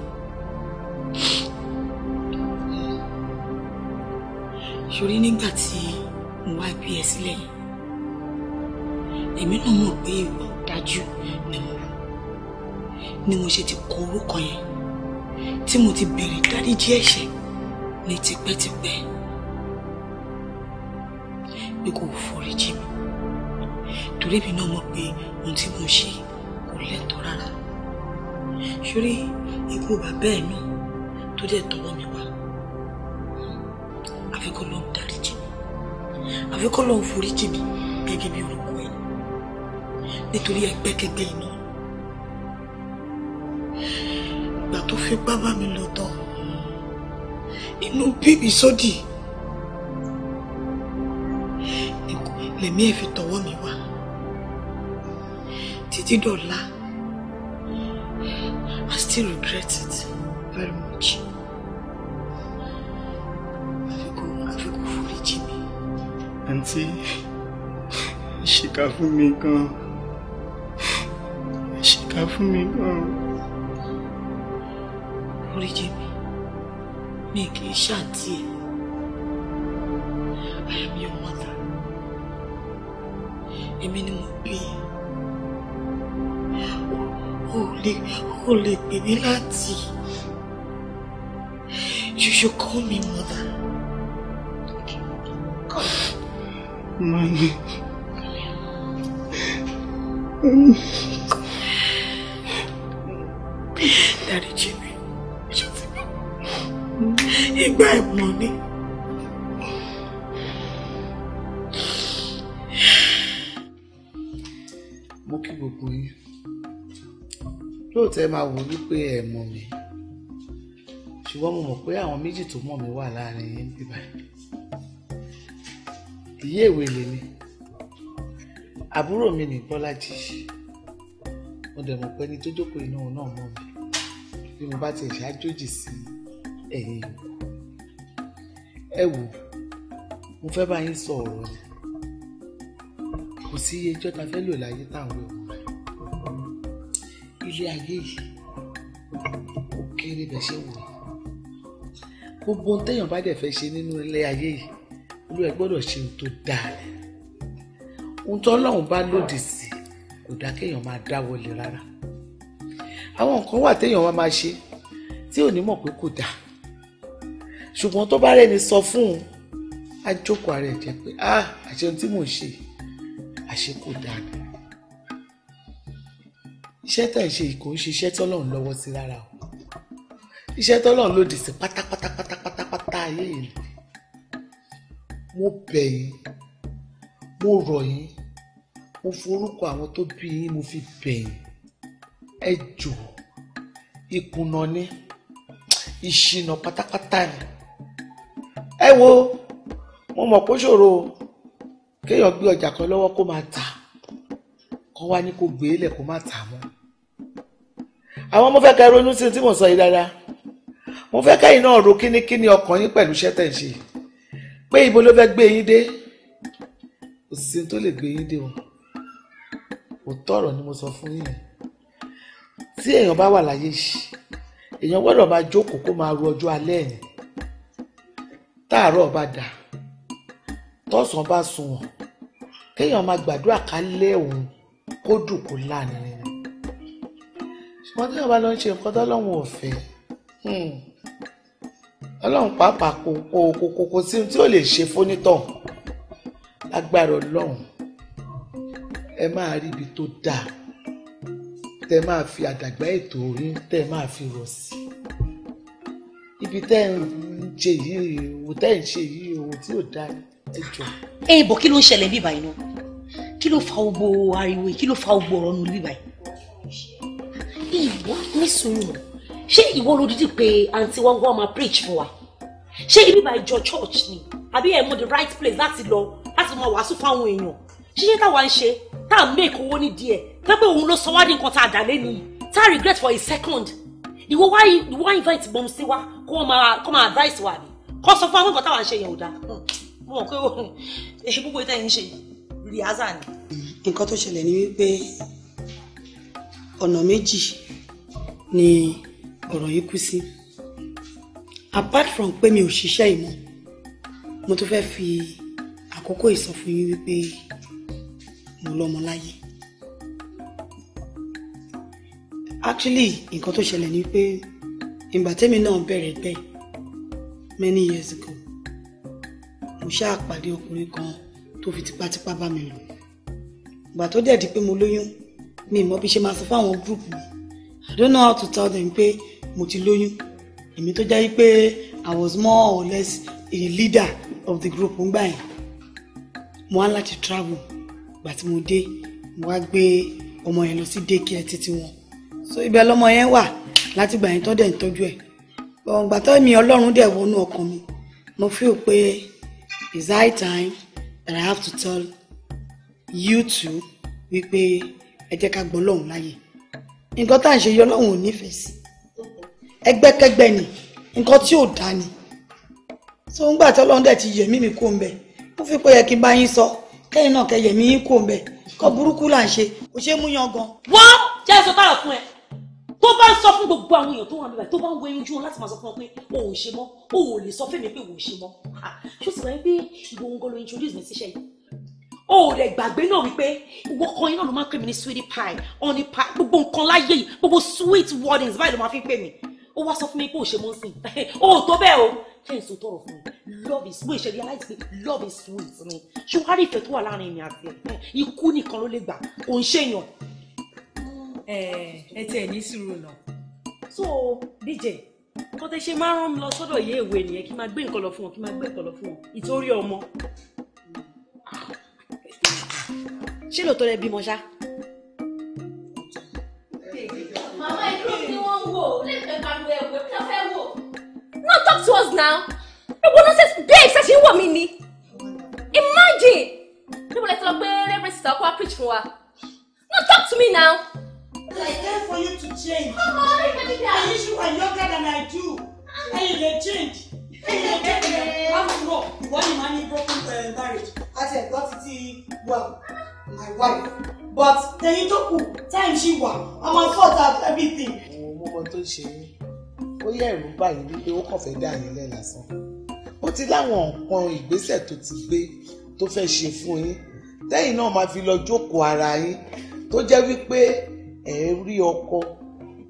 ṣorí nígbà tí mo wá gbé ẹ sílẹ̀ yìí èmi náà mọ̀ pé ìwà dájú ni mo wù ni mo ṣe ti kọ orúkọ yẹn tí mo ti béèrè dáríjì ẹ̀ṣẹ̀ ní tipẹ́tipẹ́ pé kò foríjì mi torí èmi náà mọ̀ pé ohun tí mo ṣe kò lẹ́tọ̀ọ́ rárá ṣorí ikú bàbá ẹ̀ náà tó dẹ̀ tọwọ́ mi wá àfi kọ́ lọ́n dáríjì mi àfi kọ́ lọ́n foríjì mi gẹ́gẹ́ bí orúkọ ẹ̀ nítorí ẹgbẹ́kẹ́gbẹ́ iná ìgbà tó fi pá bá mi lò tán inú bíbí sódì lèmi ẹ̀ fi tọwọ́ mi wá títí dọ̀la I still regret it. ṣèkà fún mi gan ẹ ṣèkà fún mi gan. oríjì mi mi kì í ṣàǹtí ẹ I am your mother èmi ni mo bí o lè o lè pè mí láti you should call me mother. Mommy dáríjì mi ṣe ti bá ìgbà ẹ̀wọ̀n ni. mo kí gbogbo yín lóòótọ́ ẹ máa wò wípé ẹ mọ̀ mi ṣùgbọ́n mo mọ̀ pé àwọn méjì tó mọ̀ mi wà láàrin yín bíbá ìyé ìwé lèmi àbúrò mi ní bọ́lájì mo dẹ̀ mọ̀ pé ẹni tó jókòó iná òun náà mọ̀ mi bí mo bá ti ṣàjòjì sí ẹ̀yìn ẹ wò mo fẹ́ bá yín sọ ọ̀rọ̀ ni kò sí iye ijọ́ ta fẹ́ lò láyé táwọn ọmọ ilé ayé yìí ó kéré bẹ́ẹ̀ ṣe wò gbogbo ohun téèyàn bá dẹ̀ fẹ́ ṣe nínú ilé ayé yìí olú ẹ gbọ́dọ̀ ṣe ohun tó dáa ohun tọ́lọ́run bá lòdì sí kò dá kéèyàn máa dáwọ́lé rárá àwọn nǹkan wà téèyàn wá máa ṣe tí ò ní mọ̀ pé kò dáa ṣùgbọ́n tó bá rẹni sọ fún un á jókòó ara ẹ̀ jẹ́ pé ah àṣẹ ohun tí mò ń ṣe àṣẹ kò dáa ni iṣẹ́ tẹ̀ ń ṣe kò ń ṣe iṣẹ́ tọ́lọ́run lọ́wọ́ sí rárá o iṣẹ́ tọ́lọ́run lòdì sí pátápátá pátápátá pátá ayé yìí mo bẹ̀ yín mo rọ̀ yín mo forúkọ àwọn tó bí yín mo fi bẹ̀yìn ẹ jọ̀ọ́ ìkùnà ni ìṣìnà pátápátá ni ẹ wo mo mọ̀ kó ṣòro kéèyàn gbé ọjà kan lọ́wọ́ kó máa tà kó wá ní kó gbé e lẹ̀ kó má tà mọ́ àwọn ọmọ fẹ́ ká ronú sí tí mo sọ yìí dáadáa mo fẹ́ kẹ́yìn náà ro kínníkínní ọkàn yín pẹ̀lú iṣẹ́ tẹ̀ ń ṣe pé ibo ló fẹ́ gbé yín dé kò tó lè gbé yín dé o òótọ́ ọ̀rọ̀ ni mo sọ fún yín tí èèyàn bá wà láyé yìí èèyàn gbọ́dọ̀ máa jókòó kó máa ru ọjọ́ alẹ́ ẹ̀yìn táàárọ̀ bá dà tọ́sán bá sunwọ̀n kéèyàn máa gbàdúrà kálẹ̀ òun kó dùn kó láàrin ni ṣùgbọ́n tí èèyàn bá lọ ń ṣe nǹkan tọ́lọ́run ò fẹ́ hmm, ọlọ́run pàápàá kò kò kò kò sí ohun tí ò lè ṣe fónítàn lágbára ọlọ́run ẹ máa rí ibi tó dáa tẹ máa fi àdàgbà ètò yín tẹ máa fi rọ̀ sí ibi tẹ ń ṣe yìí òwò tẹ ń ṣe yìí òwò tí ò dáa ẹ jọ. ẹ bọ kí ló ń ṣẹlẹ̀ bíbá yìí náà kí ló fa gbogbo ariwo kí ló fa gbogbo ọ̀rọ̀ nù bíbá yìí. ìwọ ní sùúrù ṣé ìwọ ló dídì pé àǹtí wọn wọ́n máa preach fún wa ṣé ibi ìjọ church ni àbí ẹ̀ mọ̀ the right place láti lọ láti máa wàásù fáwọn èèyàn ṣíṣe táwa ń ṣe tá à make owó ní díẹ̀ pẹ́pẹ́ òun ló sọ wá ní nǹkan tá a dà lẹ́nu yìí tá a regret for a second ìwọ wá ìwọ wá invite bọ́m sí wa kó wọ́n máa kó máa advice wa ni kó sọ fún wa nǹkan táwa ń ṣe yẹn ò dáa mo mọ̀ pé èyí gbogbo ìtẹ́yìn ń ṣe rìhásà ni. nǹkan tó ṣẹlẹ̀ ni wípé ọ̀nà méjì ni ọ̀rọ̀ yìí kú sí apart from pé mi ò ṣiṣẹ́ ìmọ̀ mo tún fẹ́ fi àkókò ìsọfún yín wípé mo actually nǹkan tó ṣẹlẹ̀ ni pé ìgbà tẹ́mi náà bẹ̀rẹ̀ bẹ́ẹ̀ many years ago mo ṣáà pàdé ọkùnrin kan tó fi tipátipá bá mi lò ìgbà tó dẹ̀ di pé mo lóyún mi mọ̀ bí ṣe máa sọ fáwọn gúrùpù mi I don't know how to tell them pé mo ti lóyún èmi tó jẹ́ pé I was more or less a leader of the group ngbà yẹn mo wá láti travel ìgbà tí mo dé mo wá gbé ọmọ yẹn lọ sí daycare títí wọn so ibẹ̀ lọmọ yẹn wà láti gbà yẹn tó dẹ̀ ń tọ́jú ẹ̀ ọ̀gbà tó mi ọlọ́run dẹ̀ wọnú ọkàn mi mo feel pé it's high time that I have to tell you two wípé ẹ jẹ́ ká gbọ́ lọ́hùn láyè nǹkan tá à ń ṣe yọ lọ́hùn ò nífẹ̀ẹ́ sí ẹgbẹ́kẹ́gbẹ́ ni nǹkan tí ò dá ni so ńgbà tí ọlọ́run dẹ̀ ti yẹ̀mí mi kú ń bẹ̀ mo fi pé yẹ kí n bá yín sọ. So kẹ́yìn náà kẹyẹ̀mí yín kò mbẹ̀ kọ́ burúkú là ń ṣe kò ṣe é mú yan gan. wọ́n jẹ́ ẹ̀sọ́ tààrà fún ẹ tó bá ń sọ fún gbogbo àwọn èèyàn tó wà níbẹ̀ tó bá ń wo eyín ojú wọn láti máa sọ fún ọ pé o ò ṣe mọ́ o ò lè sọ fún mi pé o ò ṣe mọ́ ṣó sì wáyé pé ìwọ ń gọ́lọ́ introduce mi síṣẹ́ yìí o ò dẹ̀ gbàgbé náà wípé ìwọ kan iná ló máa ń pè mí ní sweetie pie honey pie gbogbo nǹkan láyé yìí gbogbo sweet wordings báyìí ló máa fi ń pè mí ó wá sọ fún mi pé ò ṣe mọ́ sìn ó tó bẹ́ẹ̀ o kí n so tọrọ fún mi love is wey ṣe realize pé love is sweet mi ṣùgbọ́n ìfẹ́ tó wà láàrin mi àti ẹ̀ ikú nìkan ló lè gbà kò ń ṣèyàn. ẹ ẹ tiẹ̀ ní sùúrù náà. so DJ kó tẹ ṣe máa ń rán mi lọ sọ́dọ̀ ìyá ìwé nìyẹn kí n máa gbé nǹkan lọ fún wọn kí n máa gbé nǹkan lọ fún wọn ìtorí ọmọ. Ah, ṣé lóòótọ́ rẹ bímọ ṣá. No, talk to us now. No one says babe says you want me ni. Imagine. No one talk where every sister who preach for her. No talk to me now. I time for you to change. Come on, let me down. I wish you were younger than I do. And you dey change. After all, wọ́n ní máa ní broken for uh, your marriage. A ti ẹ̀gbọ́n títí well, my wife. But ẹyin tó kù, time she wà, I'm on fault of everything mo mọ tó ń ṣe yín ó yẹ ẹ̀rù báyìí wípé ó kàn fẹ́ dá yín lẹ́ lásán ó ti láwọn nǹkan ìgbésẹ̀ tó ti gbé tó fẹ́ ṣe fún yín tẹ́yìn náà máa fi lọ jókòó ara yín tó jẹ́ wípé ẹ̀ rí ọkọ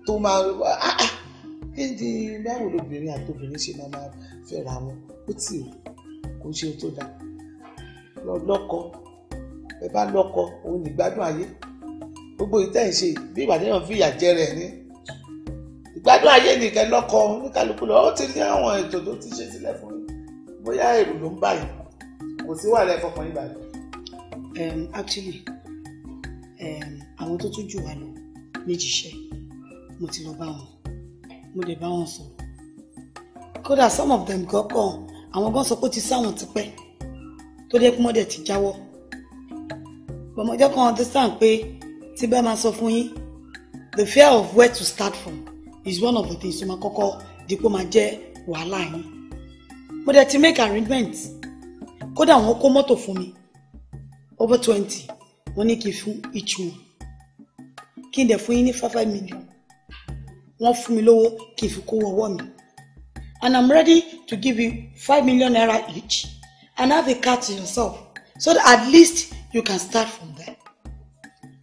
tó máa ah, ah, kí ni báwo lobìnrin àtobìnrin ṣe máa máa fẹ́ra wọn ó tì ó kò ṣe tó dáa lọ́kọ ẹ bá lọ́kọ òun nígbádùn ayé gbogbo ìtẹ́ ìṣe bí ìbàdàn fìyà jẹ rẹ̀ ni ìgbádùn ayé nìkan lọ́kọ oníkálukú lọ ó ti ní àwọn ètò tó ti ṣe sílẹ̀ fún yín bóyá èrò ló ń bà yín kò sí wàhálà ẹ̀fọ́kàn yín balẹ̀. actually àwọn tó tún jù wá lọ méjì iṣẹ́ mo ti lọ bá wọn mo dẹ̀ bá wọn sọ̀rọ̀ kódà some of them gọ́kàn àwọn gan sọ pé ó ti sáwọn tipẹ́ tó dé pé mọ́dẹ̀ ti jáwọ́ bọ̀mọ̀jọ́ kan understand pé tí bá máa sọ fún yín the fear of where to start from is one of the things tó máa kọ́kọ́ di pé ó máa jẹ́ wàhálà yín mo dẹ̀ ti make arrangement kódà wọ́n kó mọ́tò fún mi over twenty wọ́n ní kí n fún each one kí n dẹ̀ fún yín ní five five million wọ́n fún mi lówó kí n fi kó ọwọ́ mi and i'm ready to give you five million naira each and have a car to yourself so that at least you can start from there.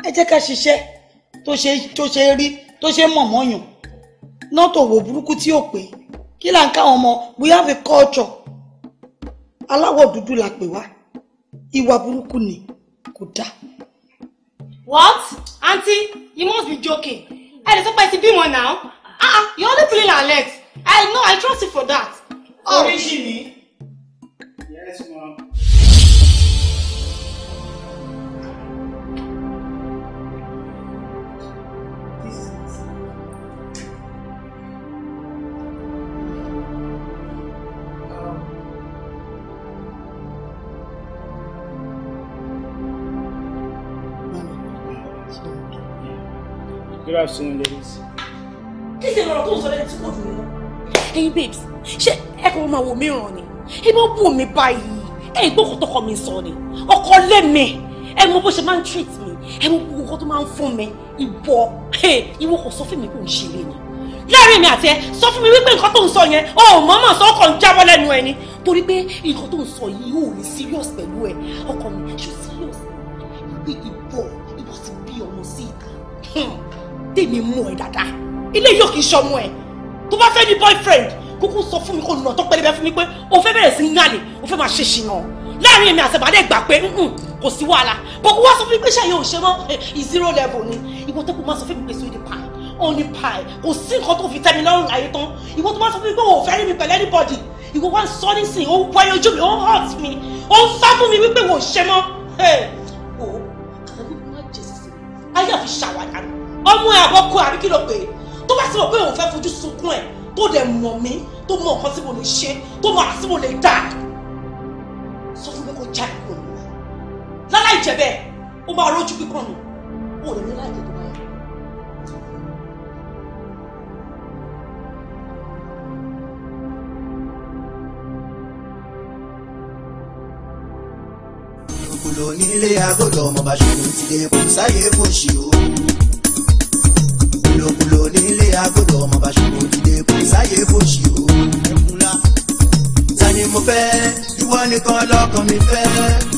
ẹ jẹ́ ká ṣiṣẹ́ tó ṣe tó ṣe rí tó ṣe mọ̀mọ́yàn not òwò burúkú tí ò pé kí là ń káwọn ọmọ we have a culture aláwọ̀ dúdú la pè wá ìwà burúkú ni kò dáa. what auntie? you must be joking ẹ lè so pé ti bímọ now. ah ah you only play na let i know i trust you for that. oríṣi oh. ni. yes ma'am. good afternoon ladies. kí babes she. ẹ kò máa wò mí ràn ni ibi ó bù mí báyìí ẹyin gbọ́ kótó ọkọ mi sọ ni ọkọ lẹ́mì ẹ mọ bó treat me. ẹ mọ go nǹkan tó máa ń fún mi ìbọ ìwọ kò sọ fún mi kò ń ṣeré ni láàrin mi àti ẹ sọ fún mi wípé nǹkan tó ń sọ yẹn o ò mọ̀ọ́mọ̀ sọ ọkọ̀ ń jábọ́ serious pẹ̀lú ẹ ọkọ mi ṣò serious tèmi mú ẹ dáadáa ilé yóò kì í ṣọmọ ẹ tó bá fẹ́ ní boyfriend kúkú sọ fún mi kó nà tó pẹlẹbẹ fún mi pé o fẹ́ bẹ̀rẹ̀ sí ń gàlè o fẹ́ máa ṣe ṣìnà láàrin èmi àti ìbàdàn gbà pé kò sí wàhálà kókó wá sọ fún mi pé ṣàyẹ̀wò ṣe mọ́ zero level ni ìwọ tó kù máa sọ fún mi pé sóyè pa òní pa kò sí nǹkan tó fi tẹ́mi lọ́rùn láyé tán ìwọ tó máa sọ fún mi pé òun fẹ́ rí mi pẹ̀lú anybody ìwọ wá ń sọ nísìnyí ó ń wáyé ojú mi ó ń hurt mi ó ń sá fún mi wípé wò ṣe mọ́ ayé àfi ṣàwádà mi ọmọ ẹ àbọ̀kọ àbí kí ló pè é tó bá sì mọ̀ pé òun fẹ́ fojú sunkún ẹ̀ tó dẹ̀ mọ̀ mí tó mọ nǹkan tí mo lè ṣe tó mọ àti tí mo lè dà sọ fún mi kó já ìkú òun wá láláì jẹ bẹ́ẹ̀ ó máa rójú pípọ̀ nù ó lè ní láì jẹ tó bá yà. kùlò ọmọ bàṣẹ ló ti dé kò sáyé fòṣì o kùlòkùlò nílé agbọ́dọ̀ ọmọ bá ṣòro dìde kò sáyé fòṣì o. ta ni mo fẹ́ ìwọ nìkan lọ́kàn mi fẹ́.